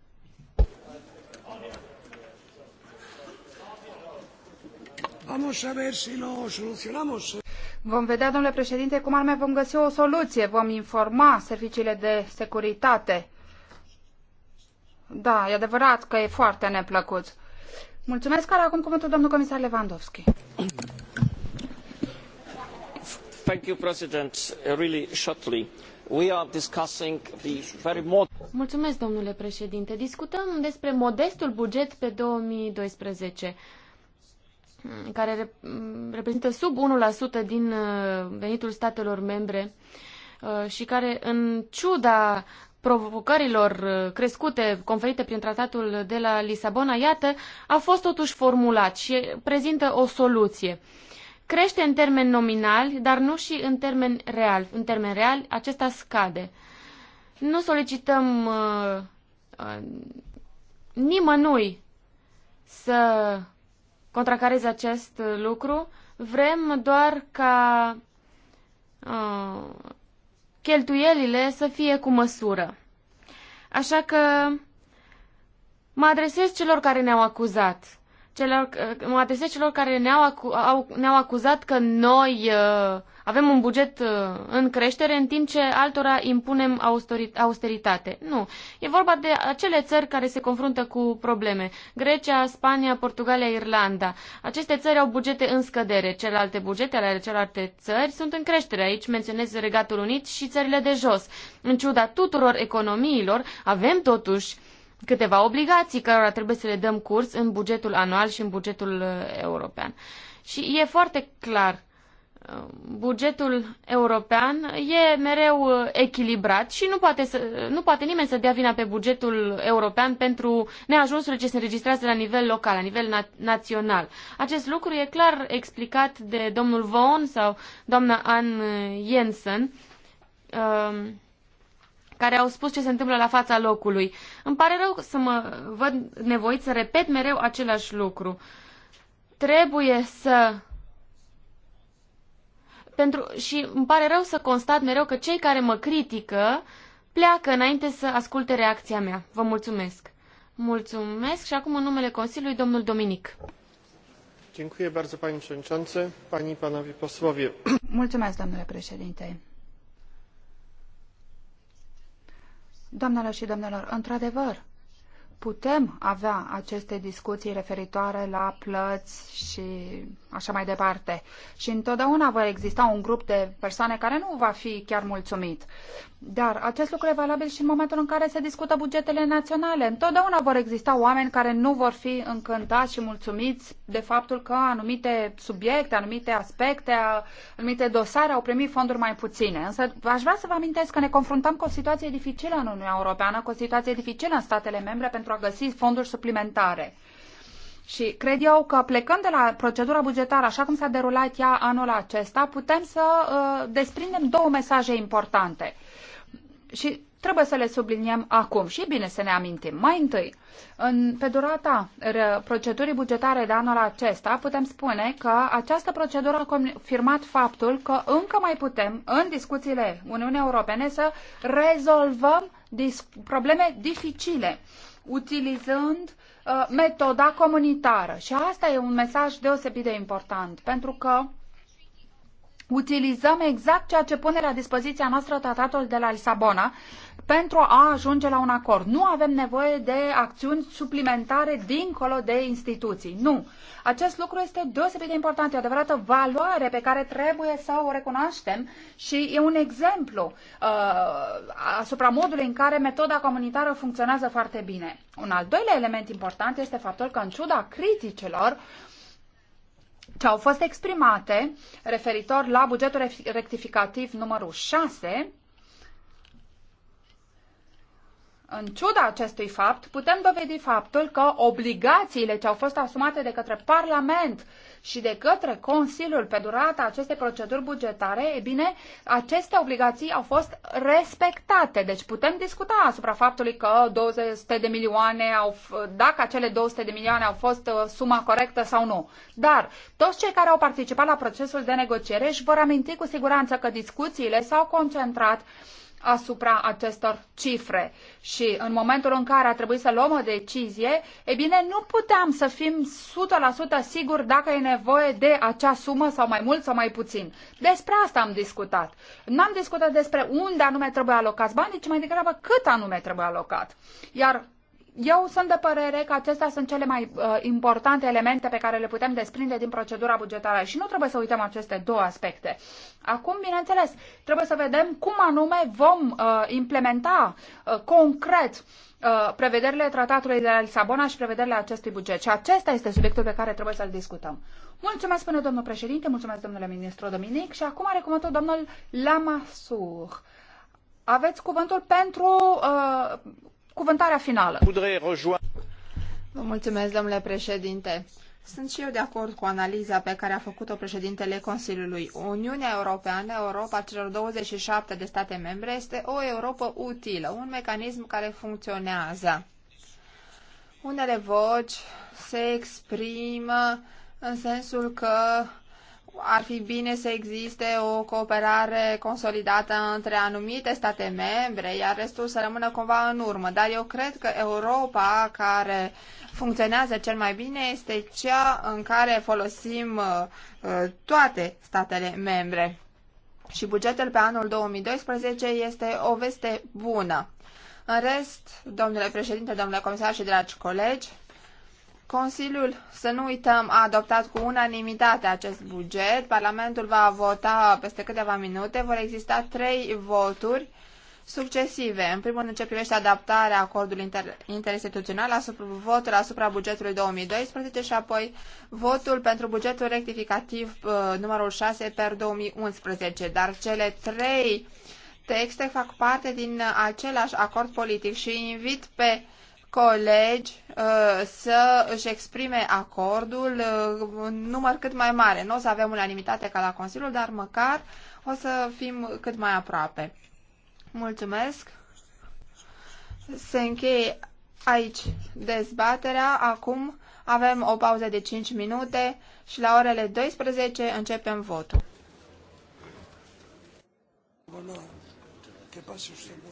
Vom vedea, domnule președinte, cum mai vom găsi o soluție. Vom informa serviciile de securitate. Da, e adevărat că e foarte neplăcut. Mulțumesc, care acum cuvântul domnul comisar Lewandowski. Thank you, President. Uh, really shortly. We are discussing the very Mulțumesc, domnule președinte. Discutăm despre modestul buget pe 2012 care reprezintă sub 1% din uh, venitul statelor membre uh, și care, în ciuda provocărilor uh, crescute conferite prin tratatul de la Lisabona, iată, a fost totuși formulat și prezintă o soluție. Crește în termen nominal, dar nu și în termen real. În termen real, acesta scade. Nu solicităm uh, uh, nimănui să contracareze acest uh, lucru. Vrem doar ca uh, cheltuielile să fie cu măsură. Așa că mă adresez celor care ne-au acuzat. Celor, mă adresez celor care ne-au, acu- ne acuzat că noi uh, avem un buget uh, în creștere în timp ce altora impunem austeritate. Nu. E vorba de acele țări care se confruntă cu probleme. Grecia, Spania, Portugalia, Irlanda. Aceste țări au bugete în scădere. Celelalte bugete ale celelalte țări sunt în creștere. Aici menționez Regatul Unit și țările de jos. În ciuda tuturor economiilor, avem totuși câteva obligații cărora trebuie să le dăm curs în bugetul anual și în bugetul uh, european. Și e foarte clar bugetul european e mereu echilibrat și nu poate, să, nu poate nimeni să dea vina pe bugetul european pentru neajunsurile ce se înregistrează la nivel local, la nivel na- național. Acest lucru e clar explicat de domnul Vaughan sau doamna Ann Jensen, um, care au spus ce se întâmplă la fața locului. Îmi pare rău să mă văd nevoit să repet mereu același lucru. Trebuie să pentru, și îmi pare rău să constat mereu că cei care mă critică pleacă înainte să asculte reacția mea. Vă mulțumesc. Mulțumesc și acum în numele Consiliului domnul Dominic. Dziękuję bardzo panie przewodniczący, panie i panowie posłowie. Mulțumesc, domnule președinte. Doamnelor și domnilor, într-adevăr, putem avea aceste discuții referitoare la plăți și așa mai departe. Și întotdeauna va exista un grup de persoane care nu va fi chiar mulțumit. Dar acest lucru e valabil și în momentul în care se discută bugetele naționale. Întotdeauna vor exista oameni care nu vor fi încântați și mulțumiți de faptul că anumite subiecte, anumite aspecte, anumite dosare au primit fonduri mai puține. Însă aș vrea să vă amintesc că ne confruntăm cu o situație dificilă în Uniunea Europeană, cu o situație dificilă în statele membre pentru pentru a găsi fonduri suplimentare. Și cred eu că plecând de la procedura bugetară, așa cum s-a derulat ea anul acesta, putem să uh, desprindem două mesaje importante. Și trebuie să le subliniem acum și bine să ne amintim. Mai întâi, în, pe durata procedurii bugetare de anul acesta, putem spune că această procedură a confirmat faptul că încă mai putem, în discuțiile Uniunii Europene, să rezolvăm dis- probleme dificile utilizând uh, metoda comunitară. Și asta e un mesaj deosebit de important, pentru că utilizăm exact ceea ce pune la dispoziția noastră tratatul de la Lisabona pentru a ajunge la un acord. Nu avem nevoie de acțiuni suplimentare dincolo de instituții. Nu. Acest lucru este deosebit de important. E o adevărată valoare pe care trebuie să o recunoaștem și e un exemplu uh, asupra modului în care metoda comunitară funcționează foarte bine. Un al doilea element important este faptul că, în ciuda criticilor, ce au fost exprimate referitor la bugetul rectificativ numărul 6, în ciuda acestui fapt, putem dovedi faptul că obligațiile ce au fost asumate de către Parlament și de către Consiliul pe durata acestei proceduri bugetare, e bine, aceste obligații au fost respectate. Deci putem discuta asupra faptului că 200 de milioane au, dacă acele 200 de milioane au fost uh, suma corectă sau nu. Dar toți cei care au participat la procesul de negociere își vor aminti cu siguranță că discuțiile s-au concentrat asupra acestor cifre și în momentul în care a trebuit să luăm o decizie, e bine, nu puteam să fim 100% siguri dacă e nevoie de acea sumă sau mai mult sau mai puțin. Despre asta am discutat. N-am discutat despre unde anume trebuie alocați banii, ci mai degrabă cât anume trebuie alocat. Iar eu sunt de părere că acestea sunt cele mai uh, importante elemente pe care le putem desprinde din procedura bugetară și nu trebuie să uităm aceste două aspecte. Acum, bineînțeles, trebuie să vedem cum anume vom uh, implementa uh, concret uh, prevederile tratatului de la Lisabona și prevederile acestui buget. Și acesta este subiectul pe care trebuie să-l discutăm. Mulțumesc, până domnul președinte, mulțumesc domnule ministru Dominic și acum are cuvântul domnul Lamasur. Aveți cuvântul pentru uh, cuvântarea finală. Vă mulțumesc, domnule președinte. Sunt și eu de acord cu analiza pe care a făcut-o președintele Consiliului. Uniunea Europeană, Europa celor 27 de state membre, este o Europa utilă, un mecanism care funcționează. Unele voci se exprimă în sensul că ar fi bine să existe o cooperare consolidată între anumite state membre, iar restul să rămână cumva în urmă. Dar eu cred că Europa, care funcționează cel mai bine, este cea în care folosim uh, toate statele membre. Și bugetul pe anul 2012 este o veste bună. În rest, domnule președinte, domnule comisar și dragi colegi, Consiliul, să nu uităm, a adoptat cu unanimitate acest buget. Parlamentul va vota peste câteva minute. Vor exista trei voturi succesive. În primul rând, ce privește adaptarea acordului inter- interinstituțional, asupra, votul asupra bugetului 2012 și apoi votul pentru bugetul rectificativ uh, numărul 6 per 2011. Dar cele trei texte fac parte din același acord politic și invit pe colegi uh, să își exprime acordul uh, în număr cât mai mare. Nu o să avem unanimitate ca la Consiliul, dar măcar o să fim cât mai aproape. Mulțumesc. Se încheie aici dezbaterea. Acum avem o pauză de 5 minute și la orele 12 începem votul. Bună. ¿qué pasa usted?